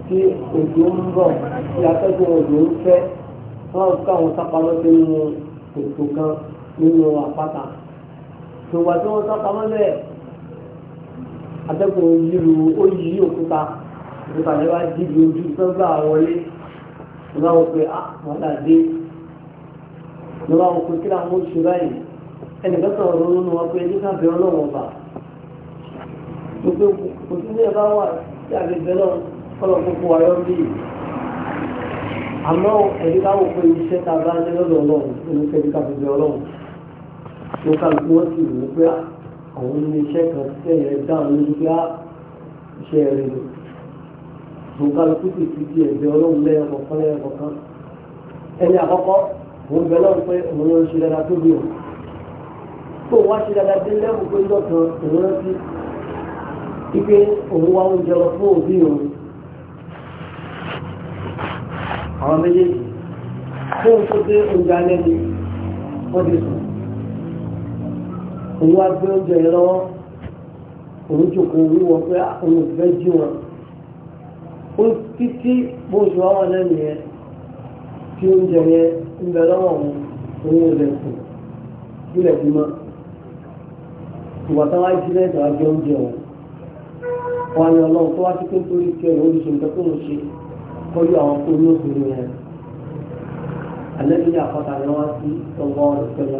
tí òjò ń bọ̀ tí atẹ́gùn òjò ń fẹ́ wọ́n ká àwọn sápamọ́ tó ń mu kòtò kan nínú àpáta tòwà tí wọ́n sápamọ́ bẹ́ẹ̀ atẹ́gùn yìí ó yí òkúta òkúta yẹn wá jí ju ojú lọ́wọ́ àwọn kò kí làwọn oṣù báyìí ẹnìkan sọ̀rọ̀ lónìí wọn pé ẹjọ́ káfíń ọlọ́wọ́ bá gbogbo kò sí ní ẹ̀bá wà tí a lè bẹ́ẹ̀ lọ kọ́lọ̀ gbogbo ayọ́ bí àmọ́ ẹ̀rí káwọ́ pé iṣẹ́ ta bá ń lọ́dọ̀ ọlọ́run ló fẹ́ bí káfíń bẹ́ẹ̀ ọlọ́run ló ká ló wọ́n sì rò pé ah, àwọn ní iṣẹ́ ah, ẹni àkọ́kọ́ òun bẹ lọ́wọ́ pé òun yóò ṣe dáadáa tó bí o tó wá ṣe dáadáa dé lẹ́wù pé lọ́kàn òun rántí wípé òun wá oúnjẹ lọ fún òbí òun àwọn méjèèjì fóun tó dé oúnjẹ alẹ́ ni wọ́n ti sùn òun wá gbé oúnjẹ yẹn lọ́wọ́ òun jòkó wíwọ pé ah, òun ò fẹ́ jí wọn ó títí bó ṣe wá wà lẹ́nu yẹn tí oúnjẹ yẹn ń bẹ lọ́wọ́ òun òun ò lè sùn sílẹ̀ bí mọ́ ìwà táwa jí lẹ́sẹ̀ wá jẹ oúnjẹ òun wọn ni ọlọ́run tó wá sí pé nítorí tí ẹ̀rọ oríṣi nǹkan tó ń ṣe kọjú àwọn tó ní obìnrin yẹn alẹ́bí ní àpáta ni wọ́n sí ọgbà ọ̀rọ̀ pẹ̀lú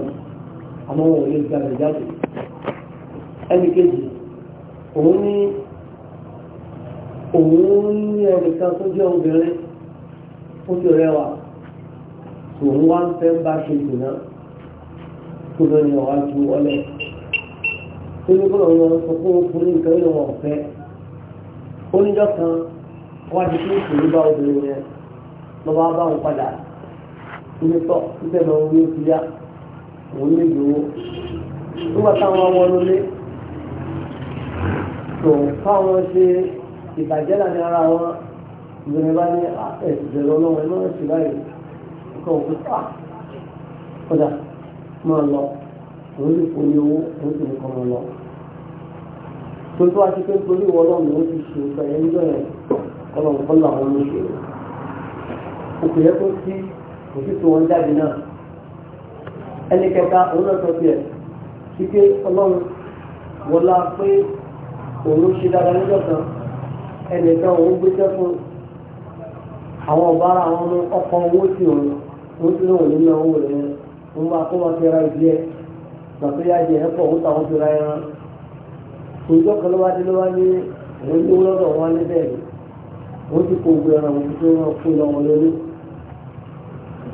àmọ́ wọn ò lè gba rẹ̀ jáde ẹnì kejì òun ní òun ní ẹnìkan tó jẹ́ obìnrin ó ti rẹwà tòun wá ń fẹ́ bá ṣe dùnà kó lọ ní ọ̀wá ju ọlẹ̀ tó ní kó lọ́wọ́ sọ fún ọkùnrin nǹkan yìí wọn fẹ́ ó níjọ́ kan wá di kí ìṣòro bá obìnrin yẹn lọ́wọ́ bá wọn padà ní tọ́ títẹ̀ lọ wí ó ti yá òun ní ìdòwò nígbà táwọn ọmọ lólé tó káwọn ṣe ìbàjẹ́ láti ara wọn ìgbìmọ̀ bá ní ah, ẹ̀sìn ìbẹ̀rẹ̀ ọlọ́run ẹ̀ lọ́rọ̀ sí báyìí sọ òkú sá kódà máa lọ òun lè fún ní owó òun sì ní kọ́ máa lọ. tuntun àti pé torí ìwọ náà ni wọ́n ti ṣe nǹkan ẹ̀ ń jọ yẹn ọlọ́run kọ́ làwọn ló ṣe. òkè yẹ kó sí òsì tó wọn jáde náà ẹni kẹta òun náà sọ tiẹ̀ kíké ọlọ́run wọlá pé òun ṣe dáadáa níjọ́ kan ẹnìkan òun gbéṣẹ́ fún àwọn ọba àwọn ọkọ̀ owó sí òun wọ́n ti lóun nínú owó rẹ̀ wọ́n máa kó wọn fi ra ìdí ẹ̀ gbàtó yá jẹ ẹ̀pọ̀ wọ́n tàwọn fi ra ẹran ìjọ kan ló wá dé ló wá ní òun ní lọ́dọ̀ wọn ní bẹ́ẹ̀ ni wọ́n ti kó gbé ẹran òun tó wọn kó lọ wọn lórí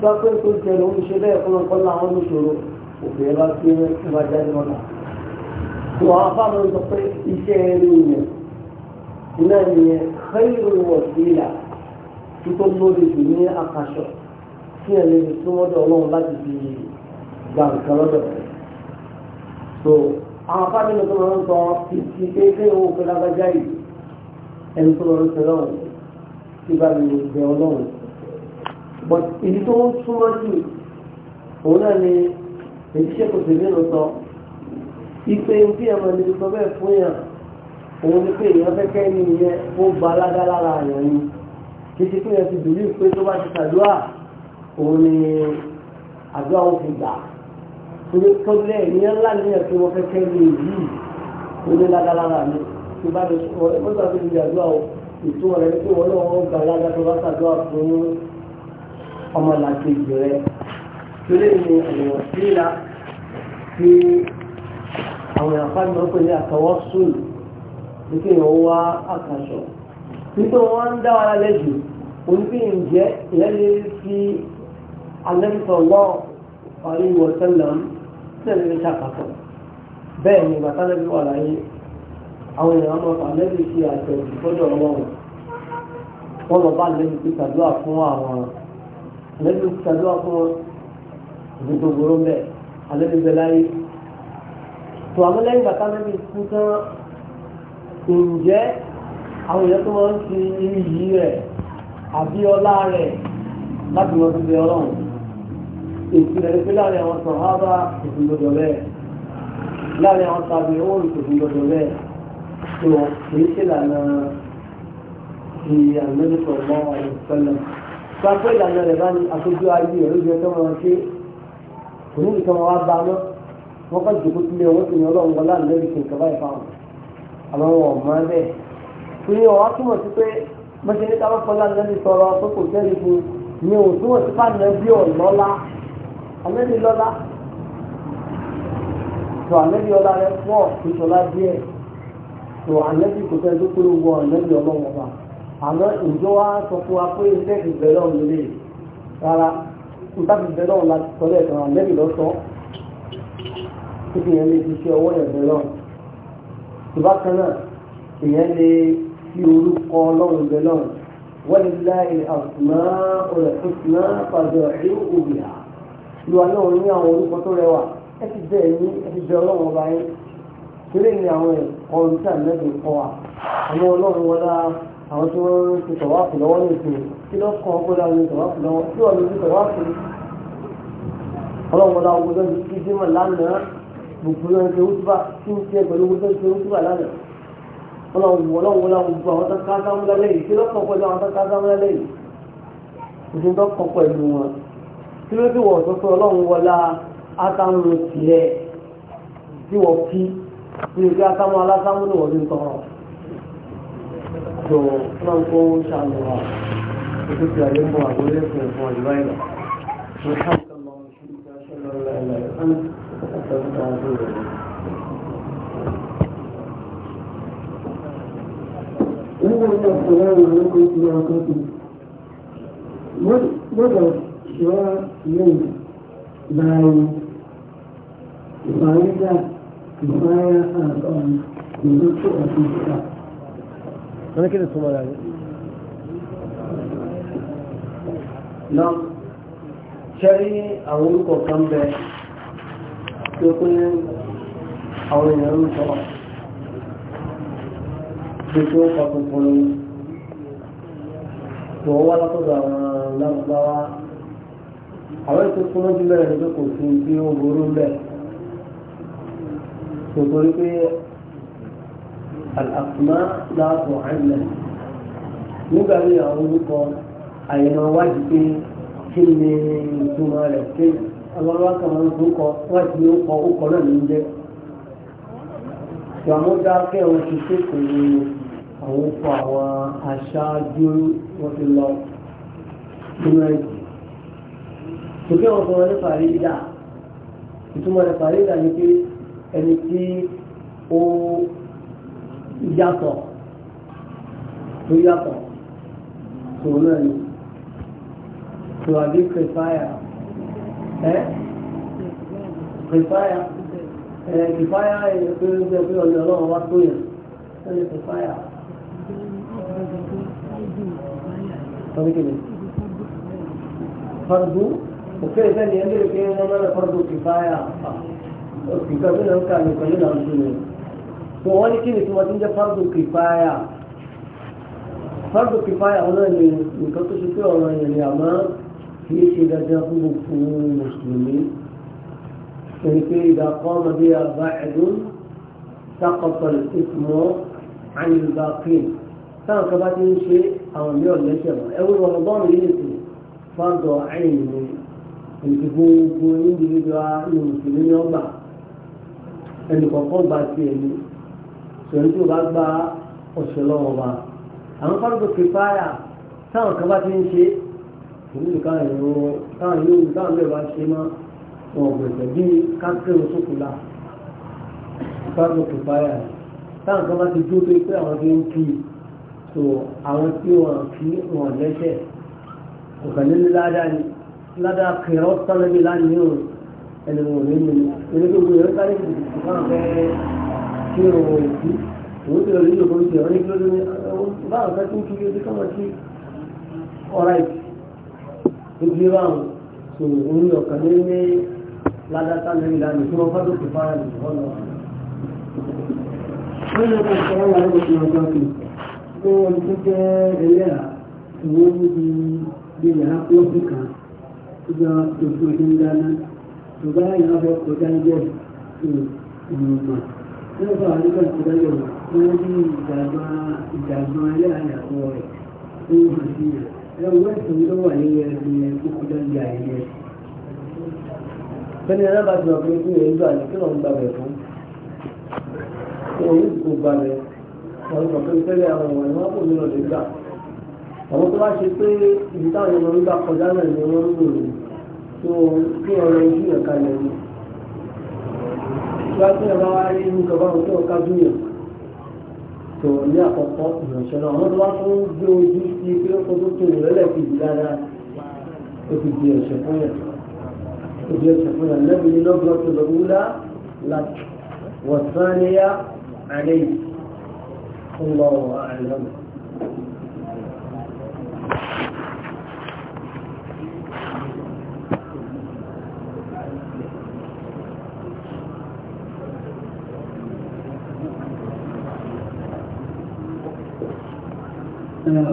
sọ pé tó jẹ ló ń ṣe bẹ́ẹ̀ fún ọkọ làwọn lóṣòro òbí ẹ bá gbé ẹ bá jáde lọ́nà tó àwọn afáàmì ń sọ pé iṣẹ́ ẹni yẹn iná yẹn fẹ́ẹ́ ìròyìn wọ̀ sí ìlà tó tó lórí jù ní àkàṣọ kí ẹ lè tó mọ́dọ̀ ọlọ́run láti fi gba nǹkan lọ́dọ̀ rẹ̀. so àwọn afáàdé mi tó máa ń sọ títí pé kí owó pé lágbájá yìí ẹni tó lọ sí ọlọ́run tí bá mi bẹ ọlọ́run. but èyí tó ń súnmọ́ jù òun náà ni èyí ṣe kò sí nínú sọ ipe bí ẹ máa lè sọ bẹ́ẹ̀ fún yàn òun ni pé èèyàn fẹ́ kẹ́ ìyẹn ó gba alága lára àyàn ni kìí yẹn ti dùn ní ìpè tó bá ti ṣàdúrà òun ni àdúrà wọn fi gbà torí tọ́lẹ̀ ìyẹn ńlá ní ẹ̀sìn wọn fẹ́kẹ́ ní èyí òní lágalára mi tó bá mi sọ ẹ mọ́tò àti ìdí àdúrà o ètò ọ̀rẹ́ ní pé wọ́n náà wọ́n gbà lága tó bá ṣàdúrà fún ọmọlàkejì rẹ torí ni àyẹ̀wò síra tí àwọn ìyàpá mi wọ́n pè ní àtọwọ́sùn ní kí èèyàn wá àkàṣọ nítorí wọ́n ń dá wa lálẹ́ jù oníkèèyàn jẹ́ ìyá lè fi Ànábì sallallahu alaihi wa sallam tẹ̀lé ní ṣàkàtọ̀ bẹ́ẹ̀ ni bàtà lẹ́bí wà láyé àwọn èèyàn ọmọ àlẹ́bí ṣe àjẹ̀dù fọ́dọ̀ ọlọ́run wọ́n lọ bá àlẹ́bí ti ṣàdúrà fún àwọn àlẹ́bí ti ṣàdúrà fún ìlú gbogbo mẹ́ àlẹ́bí bẹ láyé tó àmọ́ lẹ́yìn bàtà lẹ́bí ti tán ǹjẹ́ àwọn èèyàn tó wọ́n ń fi iyì rẹ̀ àbí ọlá rẹ̀ láti lọ sí ọlọ́run ìpìlẹ̀ ní pé láàrin àwọn sọ̀hábà ìpín gbọdọ̀ bẹ́ẹ̀ láàrin àwọn tàbí owó ìpín gbọdọ̀ bẹ́ẹ̀ tó kìí ṣe lànà ti àmẹ́ríkọ̀ mọ́ àyẹ̀fẹ́lẹ̀ sọ pé ìlànà rẹ̀ bá ní aṣojú ayé ẹ̀rọ ìjọ tó máa ṣe kò ní ìtọ́ wọn wá bá mọ́ wọ́n kọ́ jòkó sílé owó tó ní ọlọ́run wọn láàrin lẹ́yìn kìnkà báyìí fáwọn àwọn wọn ò máa bẹ́ẹ̀ fi hàn wá túmọ̀ sí pé mọ́ṣẹ́ ní káwọn fọlá lẹ́yìn sọ̀rọ̀ pé kò tẹ́lifù ni òtún òtún fà àmẹ́ni lọ́lá tó àmẹ́ni ọlá rẹ pọ̀ ìṣọlá díẹ̀ tó àmẹ́ni kò fẹ́ tó kúrò wọ àmẹ́ni ọlọ́wọ́ wa àmọ́ ìjọ wa sọ fún wa pé iṣẹ́ ìbẹ̀rẹ̀ ọ̀hún lè rárá nígbà tí ìbẹ̀rẹ̀ ọ̀hún láti sọ lẹ́ẹ̀kan àmẹ́ni lọ́sọ́ tó fi yẹn lè fi ṣe ọwọ́ yẹn bẹ̀rẹ̀ ọ̀hún tó bá kan náà èèyàn lè fi orúkọ ọlọ́run bẹ̀rẹ̀ ọ̀hún wọ́n lè láì àfùmá ọ̀rẹ́ fún lùwà náà ní àwọn orúkọ tó rẹwà ẹ ti bẹ́ẹ̀ ní ẹ ti bẹ ọlọ́run ọba yín torí ní àwọn ẹ̀kọ́ ohun tí àmẹ́bí kọ́ wa àwọn ọlọ́run wọlá àwọn tí wọ́n ti tọ̀wá fún lọ́wọ́ ní ìpè kí ló kọ́ ọkọ́ láwọn ní tọ̀wá fún lọ́wọ́ tí wọ́n ti tọ̀wá fún ọlọ́run wọlá ogun tó ti kí jímọ̀ lánàá gbogbo ẹni tó ń bá tí ń tiẹ̀ pẹ̀lú ogun ti ń bá lánàá ọlọ́run wọlá wọlá gbogbo àwọn tó ká sáwọn lálẹ́ yìí kí ló kọ́ pẹ̀lú àwọn tó ká sáwọn lálẹ́ yìí kí ló dé wọ̀ tó fún ọlọ́run wọlá ásámù tí wọ́n fi wọ́n fi ń tọrọ. tí a lè mú àgbélé fún ìfún ìlú àìlọ. Nígbà tí a ọkọ̀ tó, wọ́n bẹ̀rẹ̀ cewa yin bayi bayi da baya a tsawon yanzu ko a cikin wani kira su mara ne na ṣẹ́rí àwọn orúkọ kan bẹ tí ó pé àwọn èèyàn ń sọ pé tí ó kọ tuntun ni tó wá látọ̀dọ̀ àwọn lárúbáwá àwọn ètò súnmọ́ jù mẹ́rin ni pé kò sí bí ó burú mẹ́ nítorí pé àlàkùnmá láàbò àìmẹ́ nígbà tí àwọn orúkọ àyẹ̀mọ̀ wájú pé kí ni ìtumọ̀ rẹ̀ pé ọlọ́wọ́ kan máa ń tún kọ wọ́n ti ní ó kọ ó kọ náà ní jẹ́ ìwàmúdá kẹwọn ti ṣètò àwọn fún àwọn aṣáájú wọn ti lọ nínú ẹgbẹ́ tòkè wọn sọ nípa àríyá ìtumọ̀ nípa àríyá ni pé ẹni tí ó yàtọ̀ tó yàtọ̀ tó náà ni tó àbí kìfáyà ẹ kìfáyà ẹ kìfáyà ẹ pé ó jẹ pé ọ̀nà ọlọ́run wá tó yàn ẹni kìfáyà. Tọ́lá kìíní. Fardu òfin ìfẹ́ ni ẹgbẹ́ ìfẹ́ wọn bá lọ́kọ́ tó fi báyà òfin kan nínú ká ní ìkànnì náà ń dùn ní. tó wọ́n ní kí ni tí wọ́n ti ń jẹ́ fardu kìfáyà fardu kìfáyà wọn náà ni nǹkan tó ṣe pé ọ̀rọ̀ yẹn ni àmọ́ kì í ṣe dandan fún gbogbo mùsùlùmí. ẹni pé idha qama biha ba'idun saqata al-ithmu 'an al èyí gbogbo individual ní mùsùlùmí ní ọgbà ẹnì kọ̀ọ̀kan gba ti ẹ̀mí ṣòyìn tí o bá gba ọ̀ṣẹ̀ lọ́wọ́ wa àwọn fárúkọ kìfáyà táwọn kan bá ti ń ṣe ìlú nìkan ẹ̀rọ táwọn yóò táwọn bẹ́ẹ̀ bá ṣe mọ́ wọn gbèsè bí kákẹ́rù sókòlá fárúkọ kìfáyà táwọn kan bá ti dúró pé àwọn ti ń kí i so àwọn tí wọn kí wọn lẹ́sẹ̀ kò kàn nílé ládàá ni ládàá kẹrọ tọ́lẹ́bí lánìí o ẹlẹ́wọ̀n ní mi ẹni tó gbé ẹ̀rọ sáré kìkìkì fún àwọn fẹ́ẹ́ kí o wọ̀ ìdí òun ti lọ́ọ́ nílò fún ìṣẹ̀rọ ní kí ló dé ní báwọn fẹ́ tún kí ojú káwọn sí ọ̀ráìt tó gbé báwọn tó ń yọ kàn ní ní ládàá tọ́lẹ́bí lánìí tí wọ́n fẹ́ tó kì fara nì Wọ́n lè kọ́ ọ̀rọ̀ wọn lọ́wọ́ ìrọ̀jọ́ kì í. Wọ́n ti jẹ́ ẹlẹ́ra ìwé níbi ilé yàrá ìjọ tuntun ti ń dáná tó bá yàn fẹ́ kó dájọ́ ìmọ̀ọ́mà ní ọ̀fà àdúgbò tó dájọ́ wọ́n ní ìjàgbọ́n ilé àyàkọ́ rẹ̀ tó ń hàn sí yàn ẹ̀rọ wẹ́ẹ̀sì ló wà ní ẹ̀rọ yẹn kó kó dájọ́ àyẹ̀yẹ. bẹ́ẹ̀ni ẹ̀rọ bá ti wà pé kí èyí gbà ní kí lọ́n gbà bẹ̀ fún òun kò gbà bẹ̀ ọ̀rọ̀ sọ pé tẹ́lẹ̀ àwọn ọ̀rọ̀ wọn kò ní lọ́ọ́ lè gbà àwọn tó bá ṣe pé ìdí táwọn ọmọ nígbà kọjá náà ni wọ́n ń lò ní tó bí ọ̀rọ̀ ojú yàn kalẹ̀ ni wá sí ọba wá rí inú kọba ojú ọ̀ka dúnyàn tó ní àkọ́kọ́ ìrànṣẹ́ náà wọ́n tó wá fún gbé ojú sí pé ó kọ́ tó tó ìrọ̀lẹ́ kejì dáadáa ó ti di ọ̀ṣẹ̀ fún yàn ó di ọ̀ṣẹ̀ fún yàn lẹ́bi ní lọ́gbọ́n tó lọ wúlá láti wọ̀sán ní yá àlẹ́ yìí ń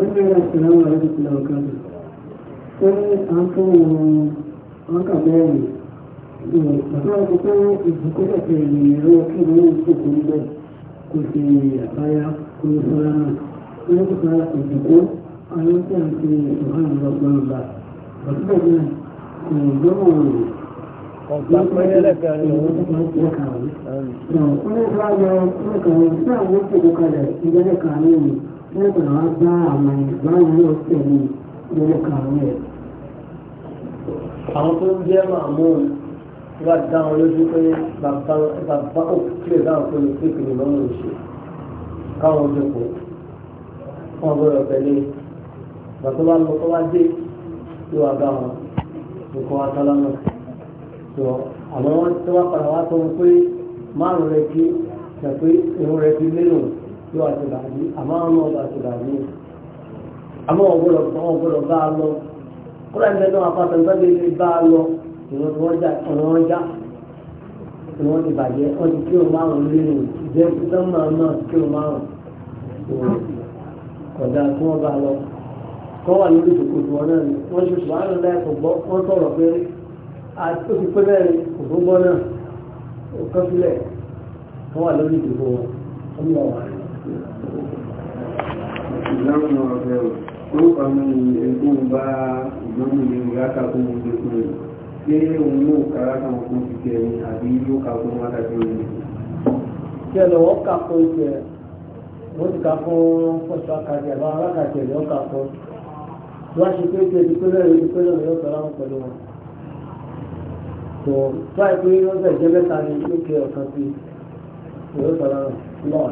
Ọ̀gbẹ́rẹ̀ ìsìnláwà àrẹ́bìsìnlá ọ̀kadà. Ó ní a ń fi ìwọ̀n lọ́gbọ̀n lẹ́yìn àwọn gbá àmà ìgbáyé ó tẹ̀lé lórí kàwé ẹ̀. àwọn tó ń jẹ́ màmú wá dá wọn lójú pé bàbá òkúté dáhùn pé ní kékeré lọ́wọ́ ìṣe káwọn jókòó wọn gbọ́dọ̀ tẹ̀lé bàtọ́ bá lọ kọ́ wá dé yóò wá bá wọn nǹkan wá sálámà tó àwọn tó wá padà wá tó ń pé márùn-ún rẹ kí ṣàpé ìrún rẹ ti lélòó yóò àti bàbí àmọ́ àwọn ọba àti bàbí àmọ́ ọ̀gbọ́dọ̀ àwọn ọ̀gbọ́dọ̀ bá a lọ kúrò ẹ̀mí náà apáta nípa bí ebi bá a lọ ìwọ̀n tí wọ́n já ọ̀nà wọn já ni wọ́n ti bàjẹ́ wọ́n ti kí o márùn lẹ́nu ìjẹ́ sísán máa náà kí o márùn kọjá tí wọ́n bá a lọ kọ́ wà lórí ìdókòtò wọn náà ni wọ́n ṣe wàá lọ láì kò gbọ́ wọ́n sọ̀rọ̀ pé ó ti pé bẹ́ẹ̀ kò tó gbọ́ náà ó kọ́ sílẹ̀ kọ́ wà lórí ìdókòtò wọn ó ń lọ wàá láwọn ọ̀rẹ́ ò ó pàmò ẹgbẹ́ ń bá ìgbóhùn ilé ìrákà tó mú gbé fún ẹ̀ pé òun náà kára kan kó ti jẹ ní àbí yóò ká fún wákà tí ó ní. jẹ́ lọ wọ́n kà fún ìṣẹ̀ wọ́n ti kà fún pọ̀ṣọ́ àkàtì àbá alákàtì ẹ̀ lọ́ọ́ kà fún wọ́n á ṣe pé kí jẹ́ mẹ́ta ni ó kẹ́ ọ̀kan sí yóò sọ̀rọ̀ náà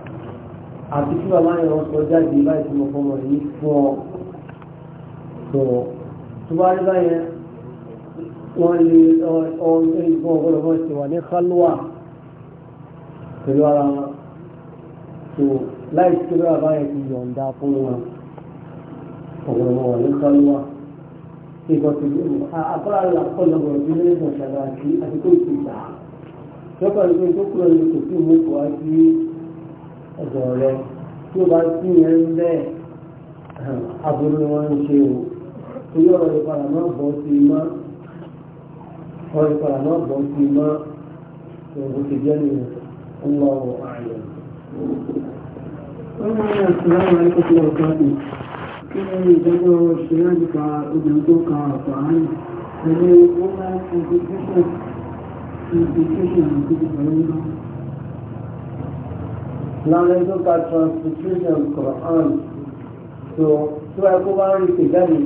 àti tí bàbá yẹn wọ́n sọ jáde báyìí tí mo fọmọ yìí fún ọ tó tó bá rí báyẹn wọ́n lè ọ̀rọ̀ ìgbọ́n ọ̀gbọ́n wọn ti wà ní kálúwà pẹ̀lú ara wọn tó láì tí bàbá báyẹn ti yọ̀ǹda fún wọn ọ̀gbọ́n wọn wà ní kálúwà ìgbọ́n ti lé wọn àkọ́lá àkọ́lá ọ̀gbọ́n ti lé wọn ṣàgbà àti àti kó ìtìjà lọ́kọ̀ọ́ ìgbọ́n tó kúrò ní kò sí ọ̀dọ̀ rẹ tí ó bá sí yẹn ń bẹ́ aburú ni wọ́n ń ṣe o torí ọ̀rọ̀ ìpàdà náà bọ́ sí i mọ́ ọ̀rọ̀ ìpàdà náà bọ́ sí i mọ́ òun ti jẹ́ nìyẹn ń lọ wọ ààyè. wọ́n máa ń yà sí láwọn akẹ́kọ̀ọ́ ọ̀gá mi kí ni ìdájọ́ ìṣẹ́lẹ̀ nípa obìnrin tó ka àpá ààyè wọ́n máa ń fi ìdíjẹ́sẹ̀ ìdíjẹ́sẹ̀ àti ìdíjẹ́sẹ̀ láwọn ẹni tó ka transcription Quran tó tó ẹ kó bá ń rí pèjáde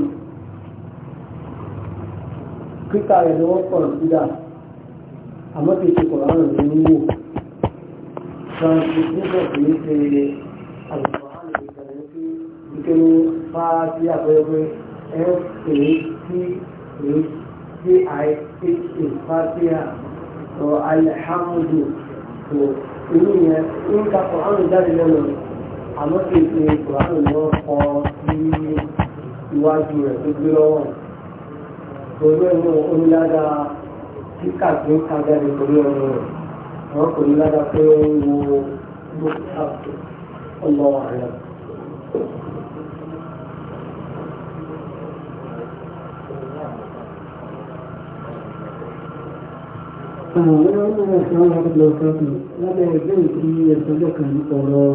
kíkà rẹ̀ ni wọ́n kọ̀ǹsídà àmọ́ kì í ṣe Quran rẹ̀ ní wò transcription kì í ṣe àlùfáà lè tẹ̀lé sí ìkẹ́lẹ́ fáàtì àpẹẹrẹ f a t I a fáàtì so Alhamdulillah inú yẹn ń ka kòránù jáde lẹ́nu àmọ́ kì í ṣe kòránù ni wọ́n kọ sí iwájú rẹ̀ tó gbé lọ́wọ́ pẹ̀lú ẹnu onílága kíkà tó ń ka jáde pẹ̀lú ẹnu rẹ̀ àwọn kò ní lága pé ó ń wo lókè ọlọ́wọ́ àyà. Àwọn ọ̀rọ̀ ọ̀sán lábẹ́ ẹgbẹ́ ìtí ẹ̀sọ́jọ́ kan ọ̀rọ̀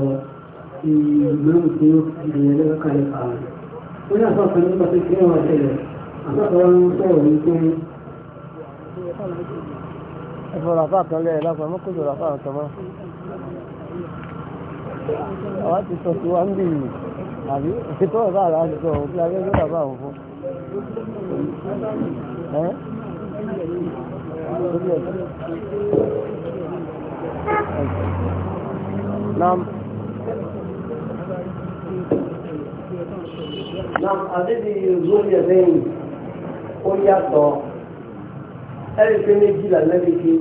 ìgbóhùn tí ó fi ẹ̀lẹ́gbẹ́ kalẹ̀ pàá. Ó ní àfáàkan nípa tó kí ẹwà ṣẹlẹ̀, àfáàkan wọn ń sọ̀rọ̀ wípé ẹ̀fọ́ra fáàkan lẹ́ẹ̀ lápá mọ́kòjò rà fáàkan tọ́mọ́. Àwa ti sọ sí wa ń bì yìí, àbí ètò ọ̀rọ̀ àrà ti sọ òun kí a gẹ́gẹ́ bàbá òun fún. نعم نعم àdébí zórí ẹ̀fẹ́ yìí ó yàtọ̀ ẹ̀rí pé méjìlá lẹ́bí kí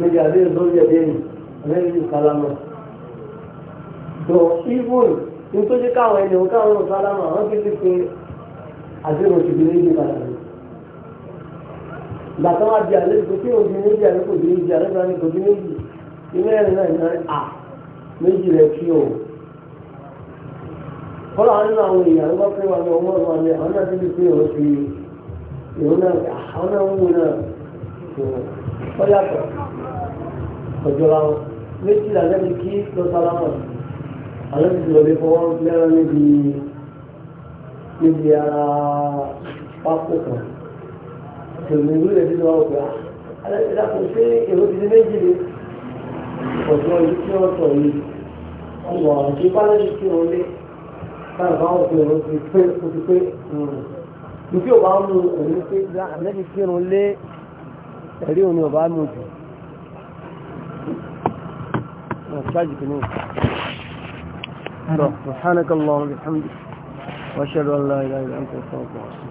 méjì àdébí zórí ẹ̀fẹ́ yìí lẹ́bí sálámà tó even ní tó jẹ́ káwọn ẹni ò káwọn ọ̀sálámà wọ́n kí sí pé bàtà wà bí alẹ́ kò tí òbí méjì alẹ́ kò bí méjì alẹ́ bá ní kò bí méjì ilé ẹ̀rìn náà náà à méjì rẹ̀ kí o. kọ́lá wọn nínú àwọn èèyàn wọn fẹ́ wà ní ọmọ ọmọ mi àwọn náà débi pé òun ti ìwọ náà àwọn náà ń wò náà tó ọ yàtọ̀ ọjọ́ la wọn méjì alẹ́ mi kí lọ sára wọn alẹ́ ti lọ bí fọwọ́ lẹ́rọ níbi níbi ara pákó kan tòmí ìlú rẹ̀ nínú ọgbà aláìsíláàpọ̀ ṣé èrò ti di méjì ni ọ̀dọ́ yìí tí wọ́n sọ yìí ọmọ àti bálẹ́lì tí wọ́n lé báyìí báwọn fi èrò ti pé o ti pé ìdí òbá mú òní pé àmẹ́lì tí wọ́n lé ẹ̀rí òní ọ̀bá mú jù. سبحانك اللهم وبحمدك واشهد ان لا اله الا انت استغفرك